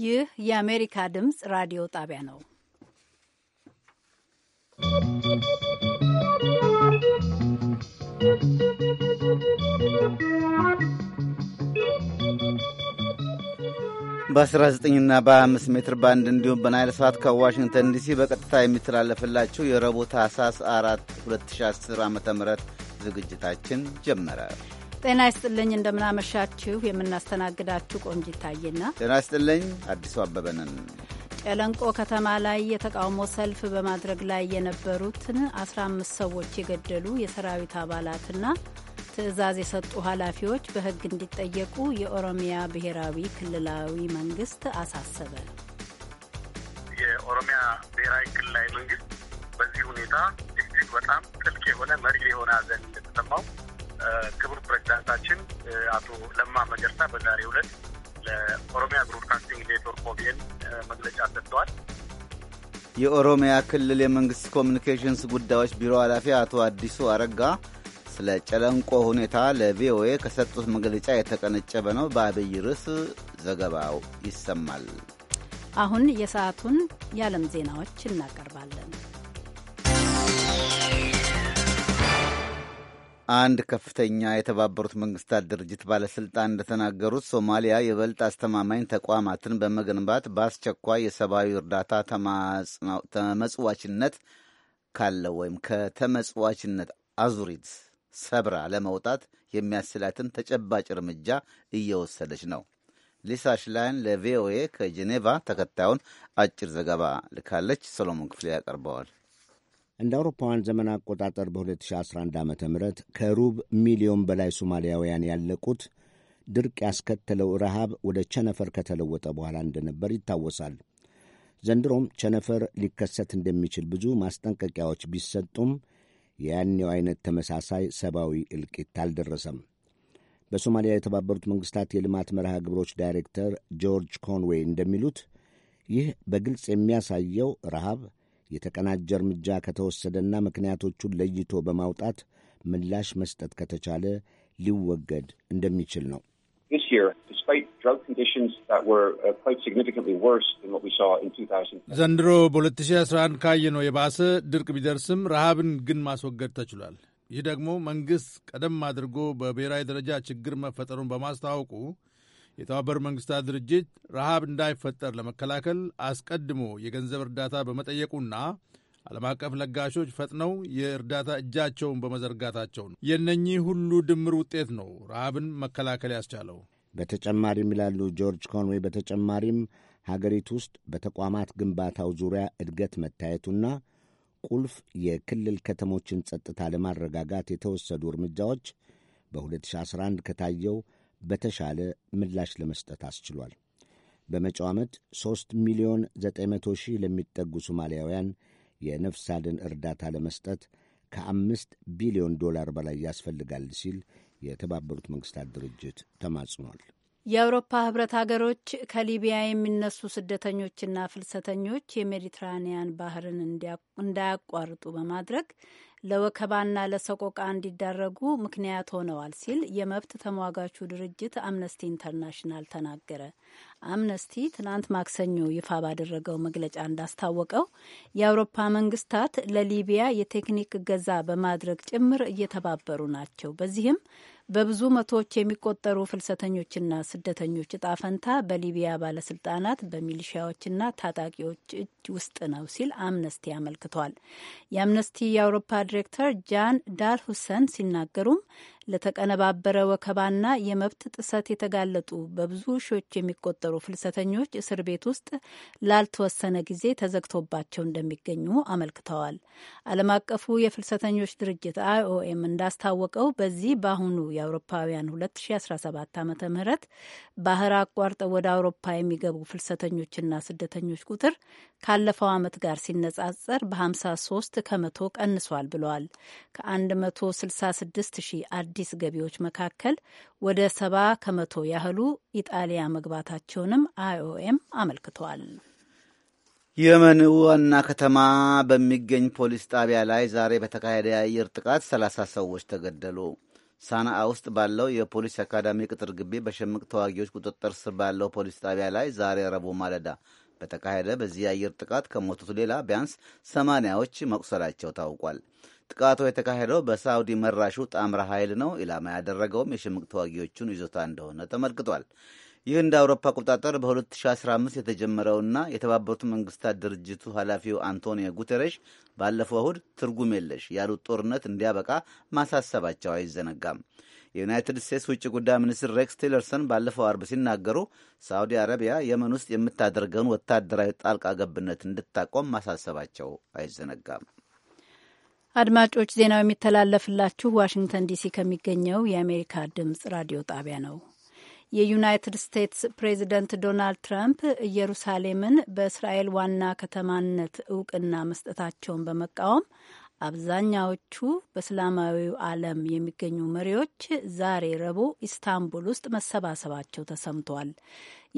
ይህ የአሜሪካ ድምፅ ራዲዮ ጣቢያ ነው። በ19ና በ 5 ሜትር ባንድ እንዲሁም በናይል ሰዓት ከዋሽንግተን ዲሲ በቀጥታ የሚተላለፍላችሁ የረቡዕ ታህሳስ 4 2010 ዓ ም ዝግጅታችን ጀመረ። ጤና ይስጥልኝ። እንደምናመሻችሁ የምናስተናግዳችሁ ቆንጂት ታዬና ጤና ይስጥልኝ አዲሱ አበበንን ጨለንቆ ከተማ ላይ የተቃውሞ ሰልፍ በማድረግ ላይ የነበሩትን 15 ሰዎች የገደሉ የሰራዊት አባላትና ትዕዛዝ የሰጡ ኃላፊዎች በሕግ እንዲጠየቁ የኦሮሚያ ብሔራዊ ክልላዊ መንግስት አሳሰበ። የኦሮሚያ ብሔራዊ ክልላዊ መንግስት በዚህ ሁኔታ እጅግ በጣም ጥልቅ የሆነ መሪ የሆነ ሐዘን እንደተሰማው ክቡር ፕሬዚዳንታችን አቶ ለማ መገርሳ በዛሬ ዕለት ለኦሮሚያ ብሮድካስቲንግ ኔትወርክ ኦቢኤን መግለጫ ሰጥተዋል። የኦሮሚያ ክልል የመንግስት ኮሚኒኬሽንስ ጉዳዮች ቢሮ ኃላፊ አቶ አዲሱ አረጋ ስለ ጨለንቆ ሁኔታ ለቪኦኤ ከሰጡት መግለጫ የተቀነጨበ ነው። በአብይ ርዕስ ዘገባው ይሰማል። አሁን የሰዓቱን የዓለም ዜናዎች እናቀርባለን። አንድ ከፍተኛ የተባበሩት መንግስታት ድርጅት ባለስልጣን እንደተናገሩት ሶማሊያ ይበልጥ አስተማማኝ ተቋማትን በመገንባት በአስቸኳይ የሰብአዊ እርዳታ ተመጽዋችነት ካለው ወይም ከተመጽዋችነት አዙሪት ሰብራ ለመውጣት የሚያስችላትን ተጨባጭ እርምጃ እየወሰደች ነው። ሊሳ ሽላይን ለቪኦኤ ከጄኔቫ ተከታዩን አጭር ዘገባ ልካለች። ሰሎሞን ክፍሌ ያቀርበዋል። እንደ አውሮፓውያን ዘመን አቆጣጠር በ2011 ዓ ም ከሩብ ሚሊዮን በላይ ሶማሊያውያን ያለቁት ድርቅ ያስከተለው ረሃብ ወደ ቸነፈር ከተለወጠ በኋላ እንደነበር ይታወሳል። ዘንድሮም ቸነፈር ሊከሰት እንደሚችል ብዙ ማስጠንቀቂያዎች ቢሰጡም የያኔው አይነት ተመሳሳይ ሰብአዊ እልቂት አልደረሰም። በሶማሊያ የተባበሩት መንግስታት የልማት መርሃ ግብሮች ዳይሬክተር ጆርጅ ኮንዌይ እንደሚሉት ይህ በግልጽ የሚያሳየው ረሃብ የተቀናጀ እርምጃ ከተወሰደና ምክንያቶቹን ለይቶ በማውጣት ምላሽ መስጠት ከተቻለ ሊወገድ እንደሚችል ነው። uh, ዘንድሮ በ2011 ካየነው የባሰ ድርቅ ቢደርስም ረሃብን ግን ማስወገድ ተችሏል። ይህ ደግሞ መንግሥት ቀደም አድርጎ በብሔራዊ ደረጃ ችግር መፈጠሩን በማስታወቁ የተባበሩት መንግስታት ድርጅት ረሃብ እንዳይፈጠር ለመከላከል አስቀድሞ የገንዘብ እርዳታ በመጠየቁና ዓለም አቀፍ ለጋሾች ፈጥነው የእርዳታ እጃቸውን በመዘርጋታቸው ነው። የእነኚህ ሁሉ ድምር ውጤት ነው ረሃብን መከላከል ያስቻለው። በተጨማሪም ይላሉ ጆርጅ ኮንዌይ፣ በተጨማሪም ሀገሪቱ ውስጥ በተቋማት ግንባታው ዙሪያ እድገት መታየቱና ቁልፍ የክልል ከተሞችን ጸጥታ ለማረጋጋት የተወሰዱ እርምጃዎች በ2011 ከታየው በተሻለ ምላሽ ለመስጠት አስችሏል። በመጪው ዓመት 3 ሚሊዮን 900 ሺህ ለሚጠጉ ሶማሊያውያን የነፍስ አድን እርዳታ ለመስጠት ከአምስት ቢሊዮን ዶላር በላይ ያስፈልጋል ሲል የተባበሩት መንግስታት ድርጅት ተማጽኗል። የአውሮፓ ህብረት ሀገሮች ከሊቢያ የሚነሱ ስደተኞችና ፍልሰተኞች የሜዲትራኒያን ባህርን እንዳያቋርጡ በማድረግ ለወከባና ለሰቆቃ እንዲዳረጉ ምክንያት ሆነዋል ሲል የመብት ተሟጋቹ ድርጅት አምነስቲ ኢንተርናሽናል ተናገረ። አምነስቲ ትናንት ማክሰኞ ይፋ ባደረገው መግለጫ እንዳስታወቀው የአውሮፓ መንግስታት ለሊቢያ የቴክኒክ እገዛ በማድረግ ጭምር እየተባበሩ ናቸው። በዚህም በብዙ መቶዎች የሚቆጠሩ ፍልሰተኞችና ስደተኞች እጣ ፈንታ በሊቢያ ባለስልጣናት በሚሊሺያዎችና ታጣቂዎች እጅ ውስጥ ነው ሲል አምነስቲ አመልክቷል። የአምነስቲ የአውሮፓ ዲሬክተር ጃን ዳር ሁሰን ሲናገሩም ለተቀነባበረ ወከባና የመብት ጥሰት የተጋለጡ በብዙ ሺዎች የሚቆጠሩ ፍልሰተኞች እስር ቤት ውስጥ ላልተወሰነ ጊዜ ተዘግቶባቸው እንደሚገኙ አመልክተዋል። ዓለም አቀፉ የፍልሰተኞች ድርጅት አይኦኤም እንዳስታወቀው በዚህ በአሁኑ የአውሮፓውያን 2017 ዓ ም ባህር አቋርጠው ወደ አውሮፓ የሚገቡ ፍልሰተኞችና ስደተኞች ቁጥር ካለፈው ዓመት ጋር ሲነጻጸር በ53 ከመቶ ቀንሷል ብለዋል። ከ166 ሺህ አዳዲስ ገቢዎች መካከል ወደ ሰባ ከመቶ ያህሉ ኢጣሊያ መግባታቸውንም አይኦኤም አመልክቷል። የመን ዋና ከተማ በሚገኝ ፖሊስ ጣቢያ ላይ ዛሬ በተካሄደ የአየር ጥቃት ሰላሳ ሰዎች ተገደሉ። ሳናአ ውስጥ ባለው የፖሊስ አካዳሚ ቅጥር ግቢ በሽምቅ ተዋጊዎች ቁጥጥር ስር ባለው ፖሊስ ጣቢያ ላይ ዛሬ ረቡዕ ማለዳ በተካሄደ በዚህ የአየር ጥቃት ከሞቱት ሌላ ቢያንስ ሰማንያዎች መቁሰላቸው ታውቋል። ጥቃቱ የተካሄደው በሳውዲ መራሹ ጣምራ ኃይል ነው። ኢላማ ያደረገውም የሽምቅ ተዋጊዎቹን ይዞታ እንደሆነ ተመልክቷል። ይህ እንደ አውሮፓ አቆጣጠር በ2015 የተጀመረውና የተባበሩት መንግስታት ድርጅቱ ኃላፊው አንቶኒዮ ጉተሬሽ ባለፈው እሁድ ትርጉም የለሽ ያሉት ጦርነት እንዲያበቃ ማሳሰባቸው አይዘነጋም። የዩናይትድ ስቴትስ ውጭ ጉዳይ ሚኒስትር ሬክስ ቲለርሰን ባለፈው አርብ ሲናገሩ ሳውዲ አረቢያ የመን ውስጥ የምታደርገውን ወታደራዊ ጣልቃ ገብነት እንድታቆም ማሳሰባቸው አይዘነጋም። አድማጮች ዜናው የሚተላለፍላችሁ ዋሽንግተን ዲሲ ከሚገኘው የአሜሪካ ድምጽ ራዲዮ ጣቢያ ነው። የዩናይትድ ስቴትስ ፕሬዚደንት ዶናልድ ትራምፕ ኢየሩሳሌምን በእስራኤል ዋና ከተማነት እውቅና መስጠታቸውን በመቃወም አብዛኛዎቹ በእስላማዊው ዓለም የሚገኙ መሪዎች ዛሬ ረቡዕ ኢስታንቡል ውስጥ መሰባሰባቸው ተሰምቷል።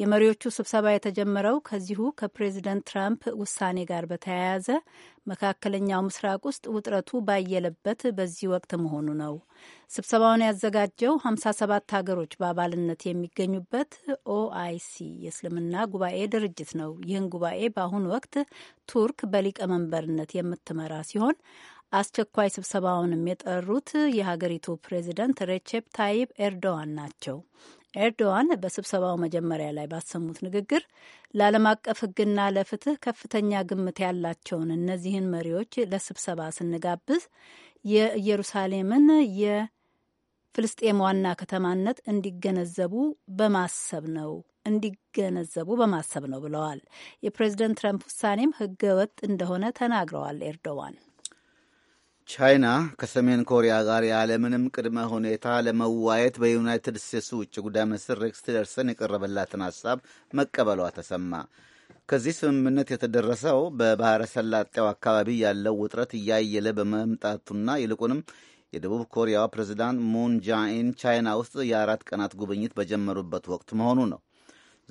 የመሪዎቹ ስብሰባ የተጀመረው ከዚሁ ከፕሬዚደንት ትራምፕ ውሳኔ ጋር በተያያዘ መካከለኛው ምስራቅ ውስጥ ውጥረቱ ባየለበት በዚህ ወቅት መሆኑ ነው። ስብሰባውን ያዘጋጀው 57 ሀገሮች በአባልነት የሚገኙበት ኦአይሲ የእስልምና ጉባኤ ድርጅት ነው። ይህን ጉባኤ በአሁኑ ወቅት ቱርክ በሊቀመንበርነት የምትመራ ሲሆን አስቸኳይ ስብሰባውንም የጠሩት የሀገሪቱ ፕሬዚደንት ሬቼፕ ታይብ ኤርዶዋን ናቸው። ኤርዶዋን በስብሰባው መጀመሪያ ላይ ባሰሙት ንግግር ለዓለም አቀፍ ሕግና ለፍትህ ከፍተኛ ግምት ያላቸውን እነዚህን መሪዎች ለስብሰባ ስንጋብዝ የኢየሩሳሌምን የፍልስጤም ዋና ከተማነት እንዲገነዘቡ በማሰብ ነው እንዲገነዘቡ በማሰብ ነው ብለዋል። የፕሬዝደንት ትረምፕ ውሳኔም ህገ ወጥ እንደሆነ ተናግረዋል ኤርዶዋን ቻይና ከሰሜን ኮሪያ ጋር ያለምንም ቅድመ ሁኔታ ለመዋየት በዩናይትድ ስቴትስ ውጭ ጉዳይ ሚኒስትር ሬክስ ቲለርሰን የቀረበላትን ሀሳብ መቀበሏ ተሰማ። ከዚህ ስምምነት የተደረሰው በባሕረ ሰላጤው አካባቢ ያለው ውጥረት እያየለ በመምጣቱና ይልቁንም የደቡብ ኮሪያው ፕሬዚዳንት ሙን ጃኢን ቻይና ውስጥ የአራት ቀናት ጉብኝት በጀመሩበት ወቅት መሆኑ ነው።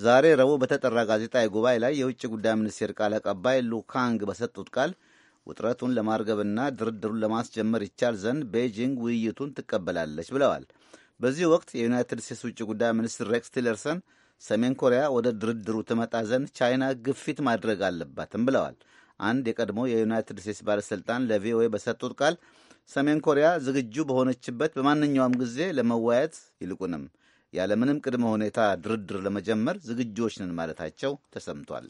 ዛሬ ረቡዕ በተጠራ ጋዜጣዊ ጉባኤ ላይ የውጭ ጉዳይ ሚኒስቴር ቃል አቀባይ ሉካንግ በሰጡት ቃል ውጥረቱን ለማርገብና ድርድሩን ለማስጀመር ይቻል ዘንድ ቤጂንግ ውይይቱን ትቀበላለች ብለዋል። በዚህ ወቅት የዩናይትድ ስቴትስ ውጭ ጉዳይ ሚኒስትር ሬክስ ቲለርሰን ሰሜን ኮሪያ ወደ ድርድሩ ትመጣ ዘንድ ቻይና ግፊት ማድረግ አለባትም ብለዋል። አንድ የቀድሞ የዩናይትድ ስቴትስ ባለሥልጣን ለቪኦኤ በሰጡት ቃል ሰሜን ኮሪያ ዝግጁ በሆነችበት በማንኛውም ጊዜ ለመወያየት ይልቁንም ያለምንም ቅድመ ሁኔታ ድርድር ለመጀመር ዝግጆች ነን ማለታቸው ተሰምቷል።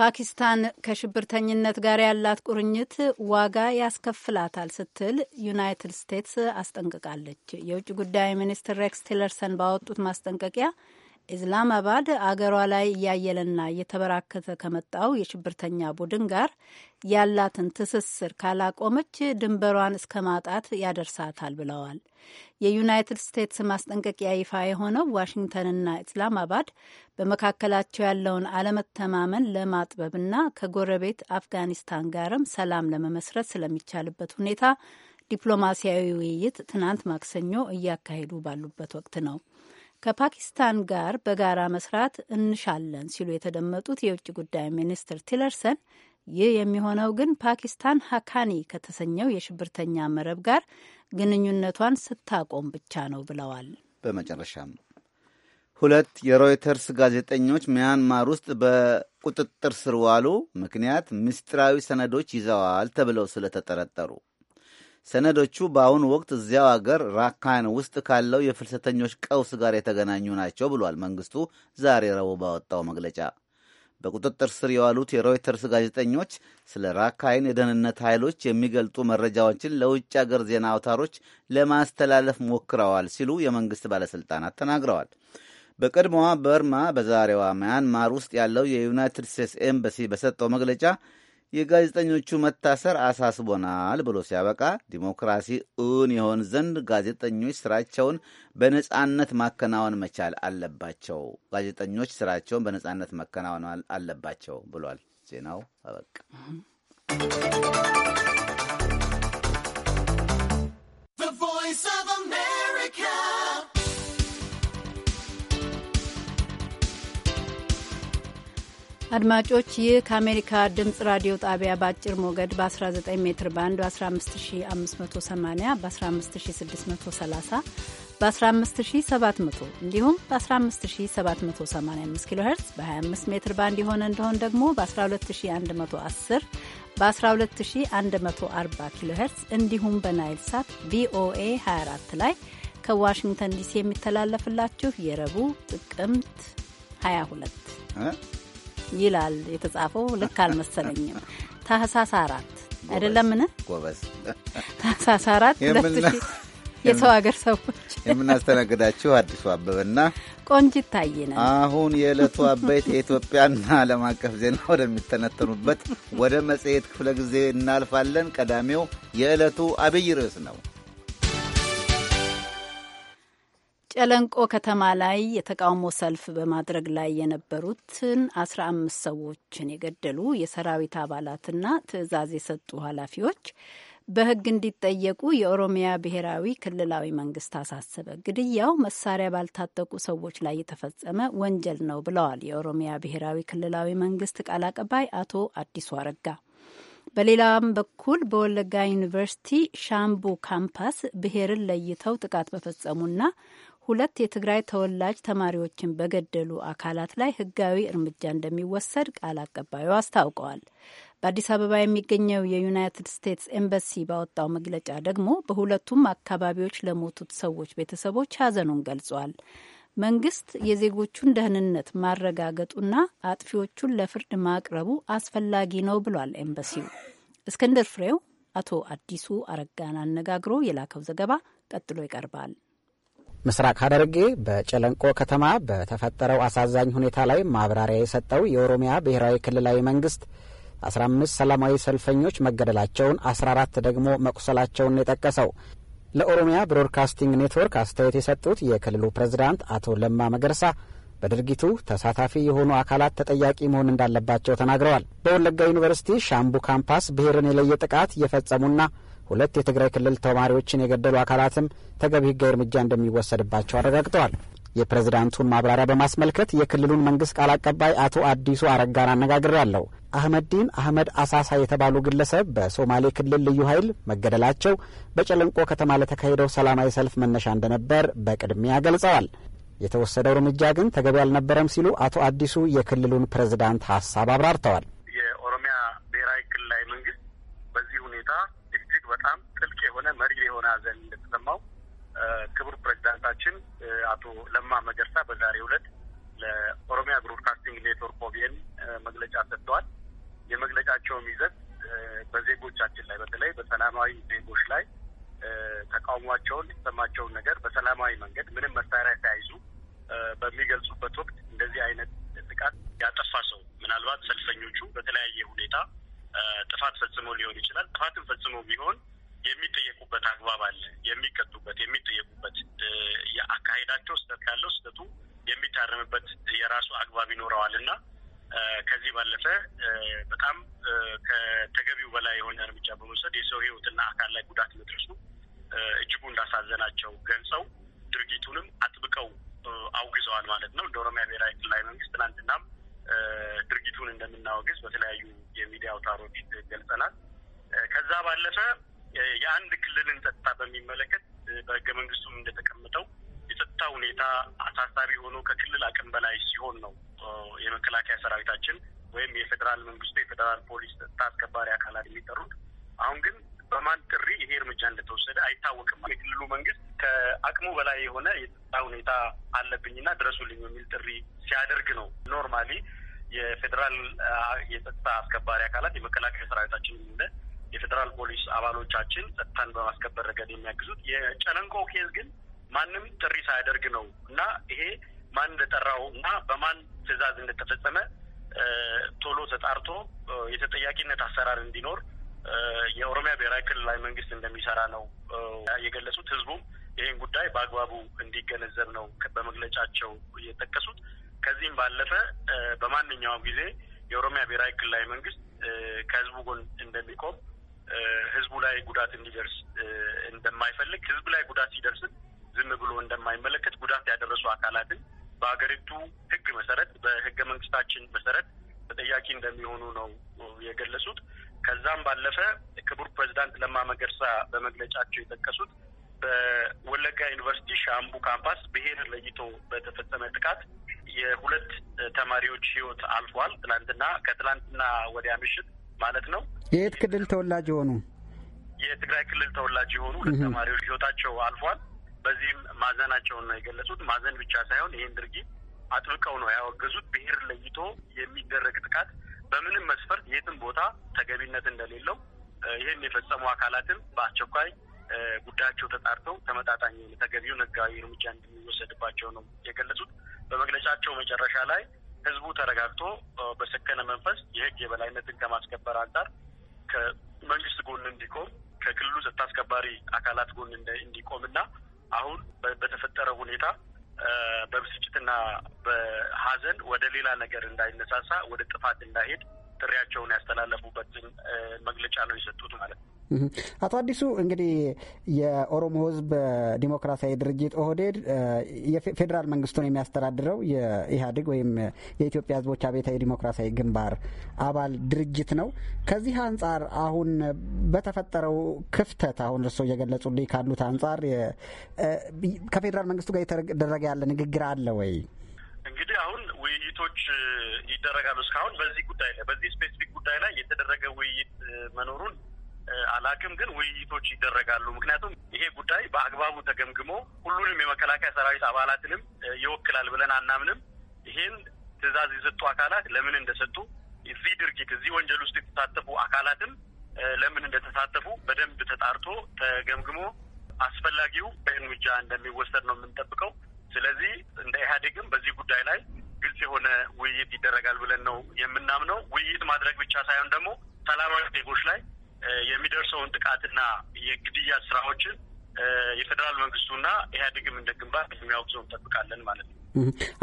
ፓኪስታን ከሽብርተኝነት ጋር ያላት ቁርኝት ዋጋ ያስከፍላታል ስትል ዩናይትድ ስቴትስ አስጠንቅቃለች። የውጭ ጉዳይ ሚኒስትር ሬክስ ቲለርሰን ባወጡት ማስጠንቀቂያ ኢስላማባድ አገሯ ላይ እያየለና እየተበራከተ ከመጣው የሽብርተኛ ቡድን ጋር ያላትን ትስስር ካላቆመች ድንበሯን እስከ ማጣት ያደርሳታል ብለዋል። የዩናይትድ ስቴትስ ማስጠንቀቂያ ይፋ የሆነው ዋሽንግተንና ኢስላማባድ በመካከላቸው ያለውን አለመተማመን ለማጥበብና ከጎረቤት አፍጋኒስታን ጋርም ሰላም ለመመስረት ስለሚቻልበት ሁኔታ ዲፕሎማሲያዊ ውይይት ትናንት ማክሰኞ እያካሄዱ ባሉበት ወቅት ነው። ከፓኪስታን ጋር በጋራ መስራት እንሻለን ሲሉ የተደመጡት የውጭ ጉዳይ ሚኒስትር ቲለርሰን ይህ የሚሆነው ግን ፓኪስታን ሀካኒ ከተሰኘው የሽብርተኛ መረብ ጋር ግንኙነቷን ስታቆም ብቻ ነው ብለዋል። በመጨረሻም ሁለት የሮይተርስ ጋዜጠኞች ሚያንማር ውስጥ በቁጥጥር ስር ዋሉ። ምክንያት ምስጢራዊ ሰነዶች ይዘዋል ተብለው ስለተጠረጠሩ ሰነዶቹ በአሁኑ ወቅት እዚያው አገር ራካይን ውስጥ ካለው የፍልሰተኞች ቀውስ ጋር የተገናኙ ናቸው ብሏል መንግስቱ ዛሬ ረቡዕ ባወጣው መግለጫ። በቁጥጥር ስር የዋሉት የሮይተርስ ጋዜጠኞች ስለ ራካይን የደህንነት ኃይሎች የሚገልጡ መረጃዎችን ለውጭ አገር ዜና አውታሮች ለማስተላለፍ ሞክረዋል ሲሉ የመንግስት ባለሥልጣናት ተናግረዋል። በቀድሞዋ በርማ በዛሬዋ ማያንማር ውስጥ ያለው የዩናይትድ ስቴትስ ኤምባሲ በሰጠው መግለጫ የጋዜጠኞቹ መታሰር አሳስቦናል ብሎ ሲያበቃ ዲሞክራሲ እውን የሆን ዘንድ ጋዜጠኞች ስራቸውን በነጻነት ማከናወን መቻል አለባቸው፣ ጋዜጠኞች ስራቸውን በነጻነት ማከናወን አለባቸው ብሏል። ዜናው አበቃ። አድማጮች ይህ ከአሜሪካ ድምፅ ራዲዮ ጣቢያ በአጭር ሞገድ በ19 ሜትር ባንድ በ15580 በ15630 በ15700 እንዲሁም በ15785 ኪሎ ሄርዝ በ25 ሜትር ባንድ የሆነ እንደሆን ደግሞ በ12110 በ12140 ኪሎ ሄርዝ እንዲሁም በናይል ሳት ቪኦኤ 24 ላይ ከዋሽንግተን ዲሲ የሚተላለፍላችሁ የረቡዕ ጥቅምት 22 ይላል የተጻፈው። ልክ አልመሰለኝም። ታህሳስ አራት አይደለምን? ጎበዝ ታህሳስ አራት የሰው ሀገር ሰዎች የምናስተናግዳችሁ አዲሱ አበበና ቆንጂት ታየ ነን። አሁን የዕለቱ አበይት የኢትዮጵያና ዓለም አቀፍ ዜና ወደሚተነተኑበት ወደ መጽሔት ክፍለ ጊዜ እናልፋለን። ቀዳሚው የዕለቱ አብይ ርዕስ ነው። ጨለንቆ ከተማ ላይ የተቃውሞ ሰልፍ በማድረግ ላይ የነበሩትን አስራ አምስት ሰዎችን የገደሉ የሰራዊት አባላትና ትዕዛዝ የሰጡ ኃላፊዎች በሕግ እንዲጠየቁ የኦሮሚያ ብሔራዊ ክልላዊ መንግስት አሳሰበ። ግድያው መሳሪያ ባልታጠቁ ሰዎች ላይ የተፈጸመ ወንጀል ነው ብለዋል የኦሮሚያ ብሔራዊ ክልላዊ መንግስት ቃል አቀባይ አቶ አዲሱ አረጋ። በሌላም በኩል በወለጋ ዩኒቨርሲቲ ሻምቡ ካምፓስ ብሔርን ለይተው ጥቃት በፈጸሙና ሁለት የትግራይ ተወላጅ ተማሪዎችን በገደሉ አካላት ላይ ህጋዊ እርምጃ እንደሚወሰድ ቃል አቀባዩ አስታውቀዋል። በአዲስ አበባ የሚገኘው የዩናይትድ ስቴትስ ኤምባሲ ባወጣው መግለጫ ደግሞ በሁለቱም አካባቢዎች ለሞቱት ሰዎች ቤተሰቦች ሀዘኑን ገልጿል። መንግስት የዜጎቹን ደህንነት ማረጋገጡና አጥፊዎቹን ለፍርድ ማቅረቡ አስፈላጊ ነው ብሏል ኤምባሲው። እስክንድር ፍሬው አቶ አዲሱ አረጋን አነጋግሮ የላከው ዘገባ ቀጥሎ ይቀርባል። ምስራቅ ሐረርጌ በጨለንቆ ከተማ በተፈጠረው አሳዛኝ ሁኔታ ላይ ማብራሪያ የሰጠው የኦሮሚያ ብሔራዊ ክልላዊ መንግስት 15 ሰላማዊ ሰልፈኞች መገደላቸውን፣ 14 ደግሞ መቁሰላቸውን የጠቀሰው ለኦሮሚያ ብሮድካስቲንግ ኔትወርክ አስተያየት የሰጡት የክልሉ ፕሬዝዳንት አቶ ለማ መገርሳ በድርጊቱ ተሳታፊ የሆኑ አካላት ተጠያቂ መሆን እንዳለባቸው ተናግረዋል። በወለጋ ዩኒቨርሲቲ ሻምቡ ካምፓስ ብሔርን የለየ ጥቃት እየፈጸሙና ሁለት የትግራይ ክልል ተማሪዎችን የገደሉ አካላትም ተገቢ ሕጋዊ እርምጃ እንደሚወሰድባቸው አረጋግጠዋል። የፕሬዝዳንቱን ማብራሪያ በማስመልከት የክልሉን መንግስት ቃል አቀባይ አቶ አዲሱ አረጋን አነጋግሬያለሁ። አህመዲን አህመድ አሳሳ የተባሉ ግለሰብ በሶማሌ ክልል ልዩ ኃይል መገደላቸው በጨለንቆ ከተማ ለተካሄደው ሰላማዊ ሰልፍ መነሻ እንደነበር በቅድሚያ ገልጸዋል። የተወሰደው እርምጃ ግን ተገቢ አልነበረም ሲሉ አቶ አዲሱ የክልሉን ፕሬዝዳንት ሀሳብ አብራርተዋል። የሆነ ሀዘን እንደተሰማው ክቡር ፕሬዚዳንታችን አቶ ለማ መገርሳ በዛሬው ዕለት ለኦሮሚያ ብሮድካስቲንግ ኔትወርክ ኦቢኤን መግለጫ ሰጥተዋል። የመግለጫቸውም ይዘት በዜጎቻችን ላይ በተለይ በሰላማዊ ዜጎች ላይ ተቃውሟቸውን የተሰማቸውን ነገር በሰላማዊ መንገድ ምንም መሳሪያ ሳያይዙ በሚገልጹበት ወቅት እንደዚህ አይነት ጥቃት ያጠፋ ሰው ምናልባት ሰልፈኞቹ በተለያየ ሁኔታ ጥፋት ፈጽሞ ሊሆን ይችላል። ጥፋትም ፈጽሞ ቢሆን የሚጠየቁበት አግባብ አለ። የሚቀጡበት፣ የሚጠየቁበት የአካሄዳቸው ስህተት ካለው ስህተቱ የሚታረምበት የራሱ አግባብ ይኖረዋል እና ከዚህ ባለፈ በጣም ከተገቢው በላይ የሆነ እርምጃ በመውሰድ የሰው ሕይወትና አካል ላይ ጉዳት መድረሱ እጅጉ እንዳሳዘናቸው ገልጸው ድርጊቱንም አጥብቀው አውግዘዋል ማለት ነው። እንደ ኦሮሚያ ብሔራዊ ክልላዊ መንግስት ትናንትናም ድርጊቱን እንደምናወግዝ በተለያዩ የሚዲያ አውታሮች ገልጸናል። ከዛ ባለፈ የአንድ ክልልን ጸጥታ በሚመለከት በህገ መንግስቱም እንደተቀመጠው የጸጥታ ሁኔታ አሳሳቢ ሆኖ ከክልል አቅም በላይ ሲሆን ነው የመከላከያ ሰራዊታችን ወይም የፌዴራል መንግስቱ የፌዴራል ፖሊስ ጸጥታ አስከባሪ አካላት የሚጠሩት። አሁን ግን በማን ጥሪ ይሄ እርምጃ እንደተወሰደ አይታወቅም። የክልሉ መንግስት ከአቅሙ በላይ የሆነ የጸጥታ ሁኔታ አለብኝና ድረሱልኝ የሚል ጥሪ ሲያደርግ ነው ኖርማሊ የፌዴራል የጸጥታ አስከባሪ አካላት የመከላከያ ሰራዊታችን ሆነ የፌዴራል ፖሊስ አባሎቻችን ጸጥታን በማስከበር ረገድ የሚያግዙት። የጨለንቆ ኬዝ ግን ማንም ጥሪ ሳያደርግ ነው እና ይሄ ማን እንደጠራው እና በማን ትዕዛዝ እንደተፈጸመ ቶሎ ተጣርቶ የተጠያቂነት አሰራር እንዲኖር የኦሮሚያ ብሔራዊ ክልላዊ መንግስት እንደሚሰራ ነው የገለጹት። ህዝቡም ይህን ጉዳይ በአግባቡ እንዲገነዘብ ነው በመግለጫቸው የጠቀሱት። ከዚህም ባለፈ በማንኛውም ጊዜ የኦሮሚያ ብሔራዊ ክልላዊ መንግስት ከህዝቡ ጎን እንደሚቆም ህዝቡ ላይ ጉዳት እንዲደርስ እንደማይፈልግ ህዝብ ላይ ጉዳት ሲደርስም ዝም ብሎ እንደማይመለከት ጉዳት ያደረሱ አካላትን በሀገሪቱ ህግ መሰረት በህገ መንግስታችን መሰረት ተጠያቂ እንደሚሆኑ ነው የገለጹት። ከዛም ባለፈ ክቡር ፕሬዚዳንት ለማ መገርሳ በመግለጫቸው የጠቀሱት በወለጋ ዩኒቨርሲቲ ሻምቡ ካምፓስ ብሄር ለይቶ በተፈጸመ ጥቃት የሁለት ተማሪዎች ህይወት አልፏል። ትላንትና ከትላንትና ወዲያ ምሽት ማለት ነው። የየት ክልል ተወላጅ የሆኑ የትግራይ ክልል ተወላጅ የሆኑ ሁለት ተማሪዎች ህይወታቸው አልፏል። በዚህም ማዘናቸውን ነው የገለጹት። ማዘን ብቻ ሳይሆን ይህን ድርጊት አጥብቀው ነው ያወገዙት። ብሔር ለይቶ የሚደረግ ጥቃት በምንም መስፈርት የትም ቦታ ተገቢነት እንደሌለው ይህን የፈጸሙ አካላትም በአስቸኳይ ጉዳያቸው ተጣርተው ተመጣጣኝ ተገቢውን ህጋዊ እርምጃ እንደሚወሰድባቸው ነው የገለጹት። በመግለጫቸው መጨረሻ ላይ ህዝቡ ተረጋግቶ በሰከነ መንፈስ የህግ የበላይነትን ከማስከበር አንጻር ከመንግስት ጎን እንዲቆም ከክልሉ ጸጥታ አስከባሪ አካላት ጎን እንዲቆምና አሁን በተፈጠረ ሁኔታ በብስጭትና በሀዘን ወደ ሌላ ነገር እንዳይነሳሳ ወደ ጥፋት እንዳይሄድ ጥሪያቸውን ያስተላለፉበትን መግለጫ ነው የሰጡት ማለት ነው። አቶ አዲሱ እንግዲህ የኦሮሞ ህዝብ ዲሞክራሲያዊ ድርጅት ኦህዴድ የፌዴራል መንግስቱን የሚያስተዳድረው የኢህአዴግ ወይም የኢትዮጵያ ህዝቦች አብዮታዊ ዲሞክራሲያዊ ግንባር አባል ድርጅት ነው። ከዚህ አንጻር አሁን በተፈጠረው ክፍተት አሁን እርስዎ እየገለጹልኝ ካሉት አንጻር ከፌዴራል መንግስቱ ጋር የተደረገ ያለ ንግግር አለ ወይ? እንግዲህ አሁን ውይይቶች ይደረጋሉ። እስካሁን በዚህ ጉዳይ ላይ በዚህ ስፔሲፊክ ጉዳይ ላይ የተደረገ ውይይት መኖሩን አላቅም፣ ግን ውይይቶች ይደረጋሉ። ምክንያቱም ይሄ ጉዳይ በአግባቡ ተገምግሞ ሁሉንም የመከላከያ ሰራዊት አባላትንም ይወክላል ብለን አናምንም። ይሄን ትዕዛዝ የሰጡ አካላት ለምን እንደሰጡ እዚህ ድርጊት እዚህ ወንጀል ውስጥ የተሳተፉ አካላትም ለምን እንደተሳተፉ በደንብ ተጣርቶ ተገምግሞ አስፈላጊው እርምጃ እንደሚወሰድ ነው የምንጠብቀው። ስለዚህ እንደ ኢህአዴግም በዚህ ጉዳይ ላይ ግልጽ የሆነ ውይይት ይደረጋል ብለን ነው የምናምነው። ውይይት ማድረግ ብቻ ሳይሆን ደግሞ ሰላማዊ ዜጎች ላይ የሚደርሰውን ጥቃትና የግድያ ስራዎችን የፌዴራል መንግስቱና ኢህአዴግም እንደ ግንባር የሚያወግዘው እንጠብቃለን ማለት ነው።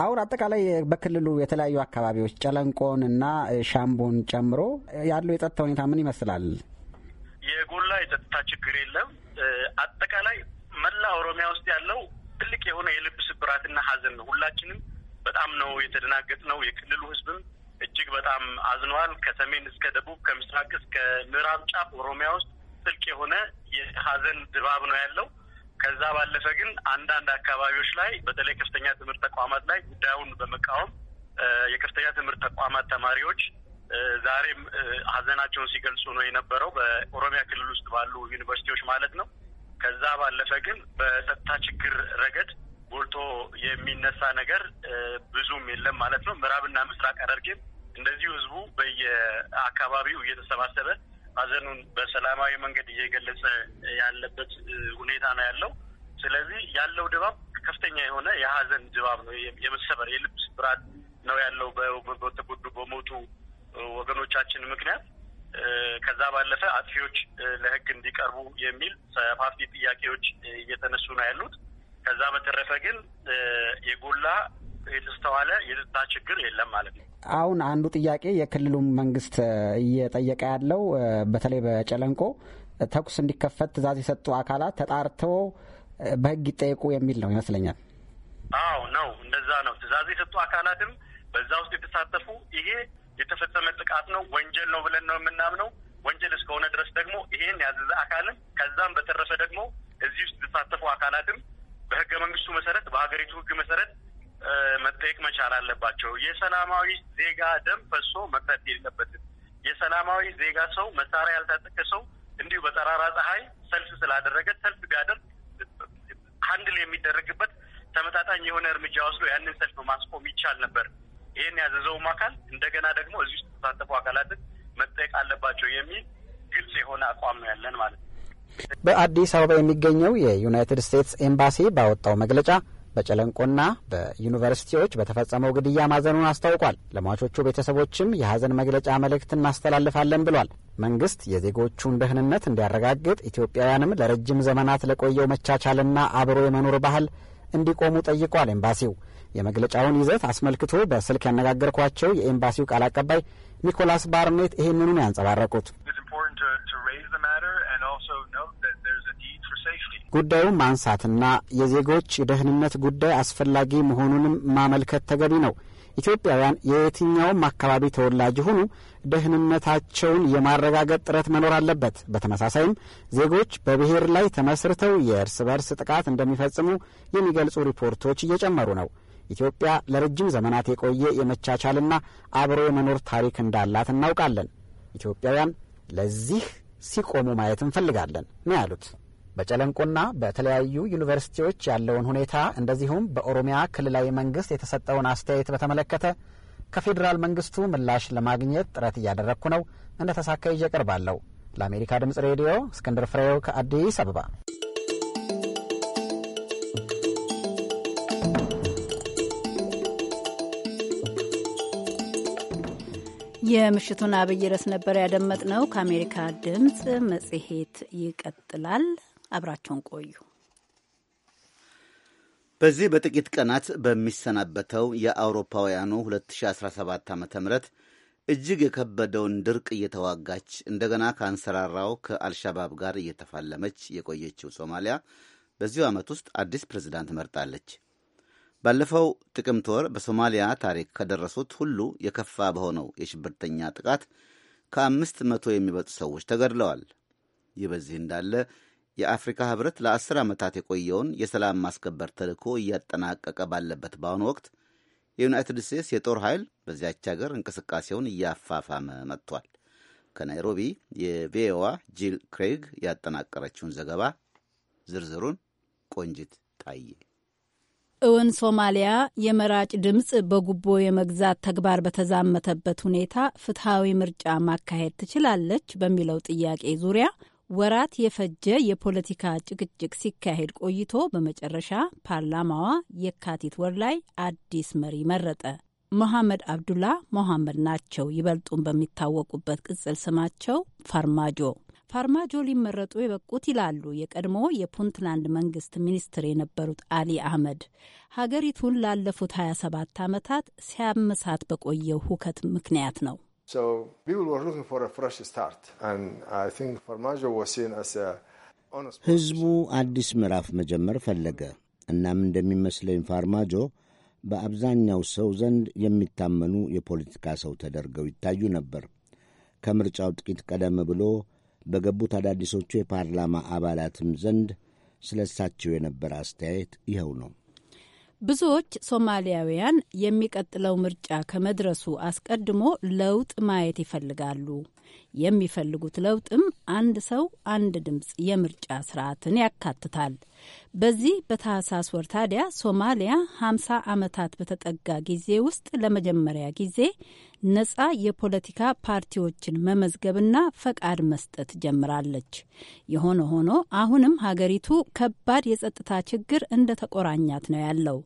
አሁን አጠቃላይ በክልሉ የተለያዩ አካባቢዎች ጨለንቆን እና ሻምቦን ጨምሮ ያለው የጸጥታ ሁኔታ ምን ይመስላል? የጎላ የጸጥታ ችግር የለም። አጠቃላይ መላ ኦሮሚያ ውስጥ ያለው ትልቅ የሆነ የልብ ስብራትና ሀዘን ነው። ሁላችንም በጣም ነው የተደናገጥ ነው። የክልሉ ህዝብም እጅግ በጣም አዝኗዋል። ከሰሜን እስከ ደቡብ፣ ከምስራቅ እስከ ምዕራብ ጫፍ ኦሮሚያ ውስጥ ጥልቅ የሆነ የሀዘን ድባብ ነው ያለው። ከዛ ባለፈ ግን አንዳንድ አካባቢዎች ላይ በተለይ ከፍተኛ ትምህርት ተቋማት ላይ ጉዳዩን በመቃወም የከፍተኛ ትምህርት ተቋማት ተማሪዎች ዛሬም ሀዘናቸውን ሲገልጹ ነው የነበረው በኦሮሚያ ክልል ውስጥ ባሉ ዩኒቨርሲቲዎች ማለት ነው። ከዛ ባለፈ ግን በጸጥታ ችግር ረገድ ጎልቶ የሚነሳ ነገር ብዙም የለም ማለት ነው። ምዕራብና ምስራቅ ሐረርጌም እንደዚሁ ህዝቡ በየአካባቢው እየተሰባሰበ ሀዘኑን በሰላማዊ መንገድ እየገለጸ ያለበት ሁኔታ ነው ያለው። ስለዚህ ያለው ድባብ ከፍተኛ የሆነ የሀዘን ድባብ ነው፣ የመሰበር የልብ ስብራት ነው ያለው በተጎዱ በሞቱ ወገኖቻችን ምክንያት። ከዛ ባለፈ አጥፊዎች ለህግ እንዲቀርቡ የሚል ሰፋፊ ጥያቄዎች እየተነሱ ነው ያሉት። ከዛ በተረፈ ግን የጎላ የተስተዋለ የጸጥታ ችግር የለም ማለት ነው። አሁን አንዱ ጥያቄ የክልሉ መንግስት እየጠየቀ ያለው በተለይ በጨለንቆ ተኩስ እንዲከፈት ትዕዛዝ የሰጡ አካላት ተጣርተው በህግ ይጠየቁ የሚል ነው ይመስለኛል። አዎ ነው፣ እንደዛ ነው። ትዕዛዝ የሰጡ አካላትም በዛ ውስጥ የተሳተፉ ይሄ የተፈጸመ ጥቃት ነው፣ ወንጀል ነው ብለን ነው የምናምነው። ወንጀል እስከሆነ ድረስ ደግሞ ይሄን ያዘዘ አካልም ከዛም በተረፈ ደግሞ እዚህ ውስጥ የተሳተፉ አካላትም በህገ መንግስቱ መሰረት በሀገሪቱ ህግ መሰረት መጠየቅ መቻል አለባቸው። የሰላማዊ ዜጋ ደም ፈሶ መቅረት የለበትም። የሰላማዊ ዜጋ ሰው መሳሪያ ያልታጠቀ ሰው እንዲሁ በጠራራ ፀሐይ ሰልፍ ስላደረገ ሰልፍ ቢያደርግ ሀንድል የሚደረግበት ተመጣጣኝ የሆነ እርምጃ ወስዶ ያንን ሰልፍ ማስቆም ይቻል ነበር። ይህን ያዘዘውም አካል እንደገና ደግሞ እዚህ ውስጥ የተሳተፉ አካላትን መጠየቅ አለባቸው የሚል ግልጽ የሆነ አቋም ነው ያለን ማለት ነው። በአዲስ አበባ የሚገኘው የዩናይትድ ስቴትስ ኤምባሲ ባወጣው መግለጫ በጨለንቆና በዩኒቨርሲቲዎች በተፈጸመው ግድያ ማዘኑን አስታውቋል። ለሟቾቹ ቤተሰቦችም የሐዘን መግለጫ መልእክት እናስተላልፋለን ብሏል። መንግስት የዜጎቹን ደህንነት እንዲያረጋግጥ፣ ኢትዮጵያውያንም ለረጅም ዘመናት ለቆየው መቻቻልና አብሮ የመኖር ባህል እንዲቆሙ ጠይቋል። ኤምባሲው የመግለጫውን ይዘት አስመልክቶ በስልክ ያነጋገርኳቸው የኤምባሲው ቃል አቀባይ ኒኮላስ ባርኔት ይህንኑን ያንጸባረቁት ጉዳዩን ማንሳትና የዜጎች የደህንነት ጉዳይ አስፈላጊ መሆኑንም ማመልከት ተገቢ ነው። ኢትዮጵያውያን የየትኛውም አካባቢ ተወላጅ ሆኑ ደህንነታቸውን የማረጋገጥ ጥረት መኖር አለበት። በተመሳሳይም ዜጎች በብሔር ላይ ተመስርተው የእርስ በርስ ጥቃት እንደሚፈጽሙ የሚገልጹ ሪፖርቶች እየጨመሩ ነው። ኢትዮጵያ ለረጅም ዘመናት የቆየ የመቻቻልና አብሮ የመኖር ታሪክ እንዳላት እናውቃለን። ኢትዮጵያውያን ለዚህ ሲቆሙ ማየት እንፈልጋለን ነው ያሉት። በጨለንቆና በተለያዩ ዩኒቨርሲቲዎች ያለውን ሁኔታ እንደዚሁም በኦሮሚያ ክልላዊ መንግስት የተሰጠውን አስተያየት በተመለከተ ከፌዴራል መንግስቱ ምላሽ ለማግኘት ጥረት እያደረግኩ ነው። እንደተሳካ ይዤ እቀርባለሁ። ለአሜሪካ ድምፅ ሬዲዮ እስክንድር ፍሬው ከአዲስ አበባ። የምሽቱን አብይ ርዕስ ነበር ያደመጥነው። ከአሜሪካ ድምፅ መጽሔት ይቀጥላል። አብራቸውን ቆዩ። በዚህ በጥቂት ቀናት በሚሰናበተው የአውሮፓውያኑ 2017 ዓ ም እጅግ የከበደውን ድርቅ እየተዋጋች እንደገና ከአንሰራራው ከአልሻባብ ጋር እየተፋለመች የቆየችው ሶማሊያ በዚሁ ዓመት ውስጥ አዲስ ፕሬዝዳንት መርጣለች። ባለፈው ጥቅምት ወር በሶማሊያ ታሪክ ከደረሱት ሁሉ የከፋ በሆነው የሽብርተኛ ጥቃት ከአምስት መቶ የሚበልጡ ሰዎች ተገድለዋል። ይህ በዚህ እንዳለ የአፍሪካ ህብረት ለአስር ዓመታት የቆየውን የሰላም ማስከበር ተልዕኮ እያጠናቀቀ ባለበት በአሁኑ ወቅት የዩናይትድ ስቴትስ የጦር ኃይል በዚያች ሀገር እንቅስቃሴውን እያፋፋመ መጥቷል። ከናይሮቢ የቪኦዋ ጂል ክሬግ ያጠናቀረችውን ዘገባ ዝርዝሩን ቆንጅት ታየ። እውን ሶማሊያ የመራጭ ድምፅ በጉቦ የመግዛት ተግባር በተዛመተበት ሁኔታ ፍትሐዊ ምርጫ ማካሄድ ትችላለች በሚለው ጥያቄ ዙሪያ ወራት የፈጀ የፖለቲካ ጭቅጭቅ ሲካሄድ ቆይቶ በመጨረሻ ፓርላማዋ የካቲት ወር ላይ አዲስ መሪ መረጠ። መሐመድ አብዱላ መሐመድ ናቸው። ይበልጡን በሚታወቁበት ቅጽል ስማቸው ፋርማጆ ፋርማጆ ሊመረጡ የበቁት ይላሉ የቀድሞ የፑንትላንድ መንግስት ሚኒስትር የነበሩት አሊ አህመድ ሀገሪቱን ላለፉት 27 ዓመታት ሲያምሳት በቆየው ሁከት ምክንያት ነው። So people were looking for a fresh start. And I think Farmajo was seen as a ህዝቡ አዲስ ምዕራፍ መጀመር ፈለገ። እናም እንደሚመስለኝ ፋርማጆ በአብዛኛው ሰው ዘንድ የሚታመኑ የፖለቲካ ሰው ተደርገው ይታዩ ነበር። ከምርጫው ጥቂት ቀደም ብሎ በገቡት አዳዲሶቹ የፓርላማ አባላትም ዘንድ ስለ እሳቸው የነበረ አስተያየት ይኸው ነው። ብዙዎች ሶማሊያውያን የሚቀጥለው ምርጫ ከመድረሱ አስቀድሞ ለውጥ ማየት ይፈልጋሉ። የሚፈልጉት ለውጥም አንድ ሰው አንድ ድምፅ የምርጫ ስርዓትን ያካትታል። በዚህ በታህሳስ ወር ታዲያ ሶማሊያ 50 ዓመታት በተጠጋ ጊዜ ውስጥ ለመጀመሪያ ጊዜ ነጻ የፖለቲካ ፓርቲዎችን መመዝገብና ፈቃድ መስጠት ጀምራለች። የሆነ ሆኖ አሁንም ሀገሪቱ ከባድ የጸጥታ ችግር እንደ ተቆራኛት ነው ያለው።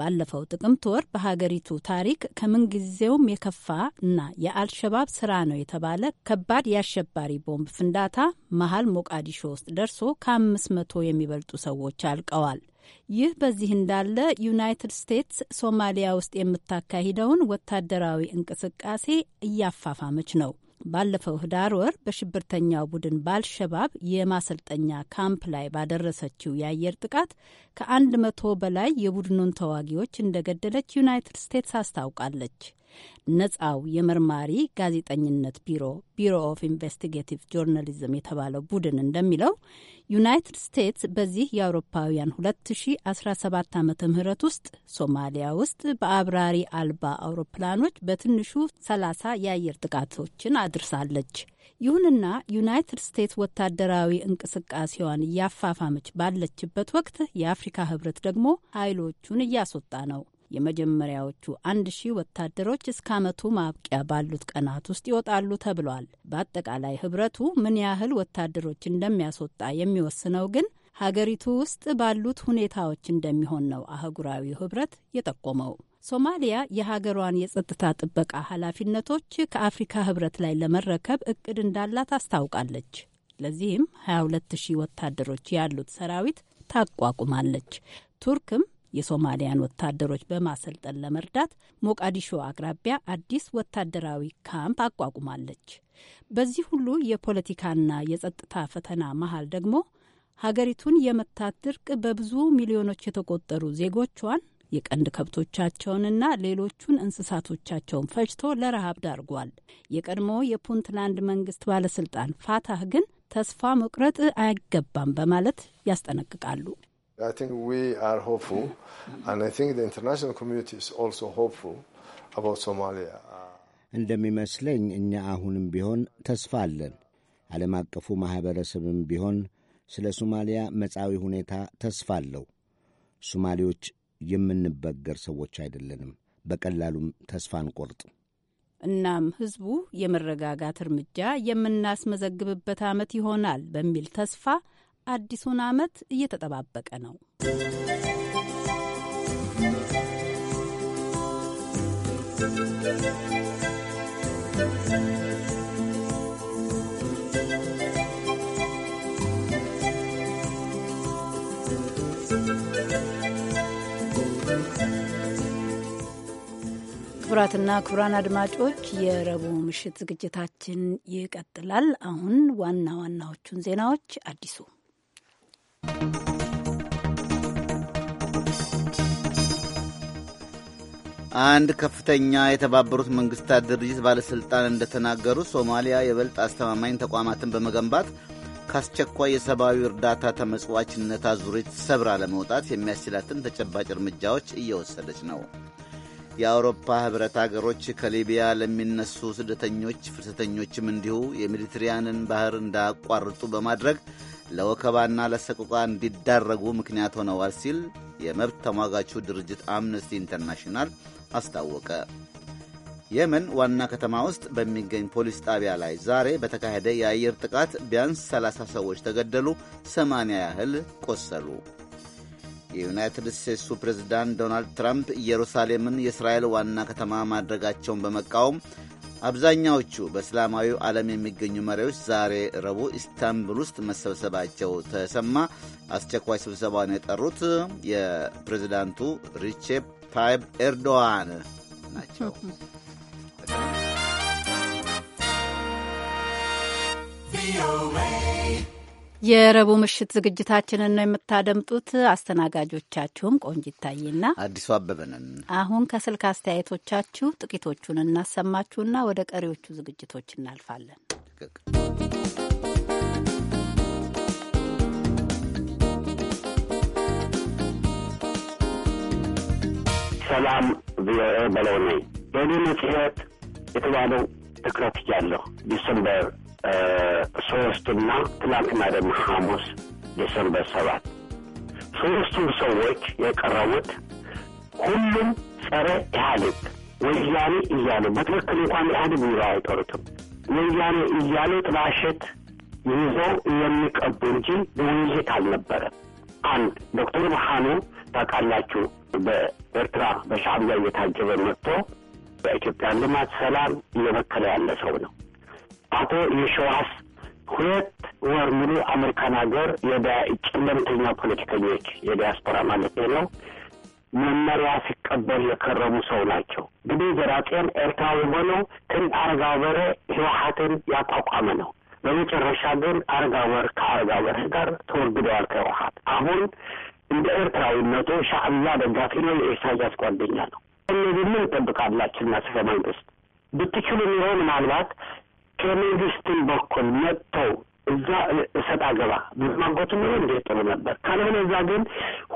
ባለፈው ጥቅምት ወር በሀገሪቱ ታሪክ ከምንጊዜውም የከፋ እና የአልሸባብ ስራ ነው የተባለ ከባድ የአሸባሪ ቦምብ ፍንዳታ መሀል ሞቃዲሾ ውስጥ ደርሶ ከአምስት መቶ የሚበልጡ ሰዎች አልቀዋል። ይህ በዚህ እንዳለ ዩናይትድ ስቴትስ ሶማሊያ ውስጥ የምታካሂደውን ወታደራዊ እንቅስቃሴ እያፋፋመች ነው። ባለፈው ህዳር ወር በሽብርተኛው ቡድን ባልሸባብ የማሰልጠኛ ካምፕ ላይ ባደረሰችው የአየር ጥቃት ከአንድ መቶ በላይ የቡድኑን ተዋጊዎች እንደገደለች ዩናይትድ ስቴትስ አስታውቃለች። ነፃው የመርማሪ ጋዜጠኝነት ቢሮ ቢሮ ኦፍ ኢንቨስቲጌቲቭ ጆርናሊዝም የተባለው ቡድን እንደሚለው ዩናይትድ ስቴትስ በዚህ የአውሮፓውያን 2017 ዓ ምህረት ውስጥ ሶማሊያ ውስጥ በአብራሪ አልባ አውሮፕላኖች በትንሹ 30 የአየር ጥቃቶችን አድርሳለች። ይሁንና ዩናይትድ ስቴትስ ወታደራዊ እንቅስቃሴዋን እያፋፋመች ባለችበት ወቅት የአፍሪካ ህብረት ደግሞ ኃይሎቹን እያስወጣ ነው። የመጀመሪያዎቹ አንድ ሺህ ወታደሮች እስከ ዓመቱ ማብቂያ ባሉት ቀናት ውስጥ ይወጣሉ ተብሏል። በአጠቃላይ ህብረቱ ምን ያህል ወታደሮች እንደሚያስወጣ የሚወስነው ግን ሀገሪቱ ውስጥ ባሉት ሁኔታዎች እንደሚሆን ነው አህጉራዊው ህብረት የጠቆመው። ሶማሊያ የሀገሯን የጸጥታ ጥበቃ ኃላፊነቶች ከአፍሪካ ህብረት ላይ ለመረከብ እቅድ እንዳላት አስታውቃለች። ለዚህም 22 ሺህ ወታደሮች ያሉት ሰራዊት ታቋቁማለች። ቱርክም የሶማሊያን ወታደሮች በማሰልጠን ለመርዳት ሞቃዲሾ አቅራቢያ አዲስ ወታደራዊ ካምፕ አቋቁማለች። በዚህ ሁሉ የፖለቲካና የጸጥታ ፈተና መሀል ደግሞ ሀገሪቱን የመታት ድርቅ በብዙ ሚሊዮኖች የተቆጠሩ ዜጎቿን የቀንድ ከብቶቻቸውንና ሌሎቹን እንስሳቶቻቸውን ፈጅቶ ለረሃብ ዳርጓል። የቀድሞ የፑንትላንድ መንግስት ባለስልጣን ፋታህ ግን ተስፋ መቁረጥ አይገባም በማለት ያስጠነቅቃሉ። I think we are hopeful, mm-hmm. and I think the international community is also hopeful about Somalia. እንደሚመስለኝ እኛ አሁንም ቢሆን ተስፋ አለን። ዓለም አቀፉ ማኅበረሰብም ቢሆን ስለ ሶማሊያ መጻዊ ሁኔታ ተስፋ አለው። ሶማሌዎች የምንበገር ሰዎች አይደለንም። በቀላሉም ተስፋ አንቆርጥ። እናም ሕዝቡ የመረጋጋት እርምጃ የምናስመዘግብበት ዓመት ይሆናል በሚል ተስፋ አዲሱን ዓመት እየተጠባበቀ ነው። ክቡራትና ክቡራን አድማጮች የረቡዕ ምሽት ዝግጅታችን ይቀጥላል። አሁን ዋና ዋናዎቹን ዜናዎች አዲሱ አንድ ከፍተኛ የተባበሩት መንግስታት ድርጅት ባለሥልጣን እንደተናገሩት ሶማሊያ የበልጥ አስተማማኝ ተቋማትን በመገንባት ከአስቸኳይ የሰብአዊ እርዳታ ተመጽዋችነት አዙሪት ሰብራ ለመውጣት የሚያስችላትን ተጨባጭ እርምጃዎች እየወሰደች ነው። የአውሮፓ ኅብረት አገሮች ከሊቢያ ለሚነሱ ስደተኞች፣ ፍልሰተኞችም እንዲሁ የሜዲትሪያንን ባህር እንዳያቋርጡ በማድረግ ለወከባና ለሰቆቃ እንዲዳረጉ ምክንያት ሆነዋል ሲል የመብት ተሟጋቹ ድርጅት አምነስቲ ኢንተርናሽናል አስታወቀ። የመን ዋና ከተማ ውስጥ በሚገኝ ፖሊስ ጣቢያ ላይ ዛሬ በተካሄደ የአየር ጥቃት ቢያንስ 30 ሰዎች ተገደሉ፣ 80 ያህል ቆሰሉ። የዩናይትድ ስቴትሱ ፕሬዝዳንት ዶናልድ ትራምፕ ኢየሩሳሌምን የእስራኤል ዋና ከተማ ማድረጋቸውን በመቃወም አብዛኛዎቹ በእስላማዊው ዓለም የሚገኙ መሪዎች ዛሬ ረቡዕ ኢስታንቡል ውስጥ መሰብሰባቸው ተሰማ። አስቸኳይ ስብሰባውን የጠሩት የፕሬዚዳንቱ ሪቼፕ ታይብ ኤርዶዋን ናቸው። የረቡዕ ምሽት ዝግጅታችንን ነው የምታደምጡት። አስተናጋጆቻችሁም ቆንጂት ታዬና አዲሱ አበበንን። አሁን ከስልክ አስተያየቶቻችሁ ጥቂቶቹን እናሰማችሁና ወደ ቀሪዎቹ ዝግጅቶች እናልፋለን። ሰላም ቪኦኤ በለው ነኝ። የኔ መጽሔት የተባለው ተከታትያለሁ ዲሰምበር ሶስትና ትላንትና ደግሞ ሐሙስ ዲሰምበር ሰባት ሶስቱም ሰዎች የቀረቡት ሁሉም ጸረ ኢህአዴግ ወያኔ እያሉ በትክክል እንኳን ኢህአዴግ ብሎ አይጠሩትም። ወያኔ እያሉ ጥላሸት ይዘው የሚቀቡ እንጂ ውይይት አልነበረም። አንድ ዶክተር ብርሃኑ ታውቃላችሁ፣ በኤርትራ በሻዕቢያ እየታጀበ መጥቶ በኢትዮጵያ ልማት ሰላም እየበከለ ያለ ሰው ነው። አቶ የሸዋስ ሁለት ወር ሙሉ አሜሪካን ሀገር ጨለምተኛ ፖለቲከኞች የዲያስፖራ ማለት ነው መመሪያ ሲቀበል የከረሙ ሰው ናቸው። እንግዲህ ዘራጤን ኤርትራዊ ሆኖ ትን አረጋ በረ ህወሀትን ያቋቋመ ነው። በመጨረሻ ግን አረጋ ወር ከአረጋ በረ ጋር ተወግደዋል ከህወሀት አሁን እንደ ኤርትራዊነቱ ሻዕብያ ደጋፊ ነው። የኢሳያስ ጓደኛ ነው። እነዚህ ምን ይጠብቃላችሁ? እና ስፈ መንግስት ብትችሉ የሚሆን ምናልባት ከመንግስትም በኩል መጥተው እዛ እሰጥ አገባ ብማጎት ኖሮ እንዴት ጥሩ ነበር። ካልሆነ እዛ ግን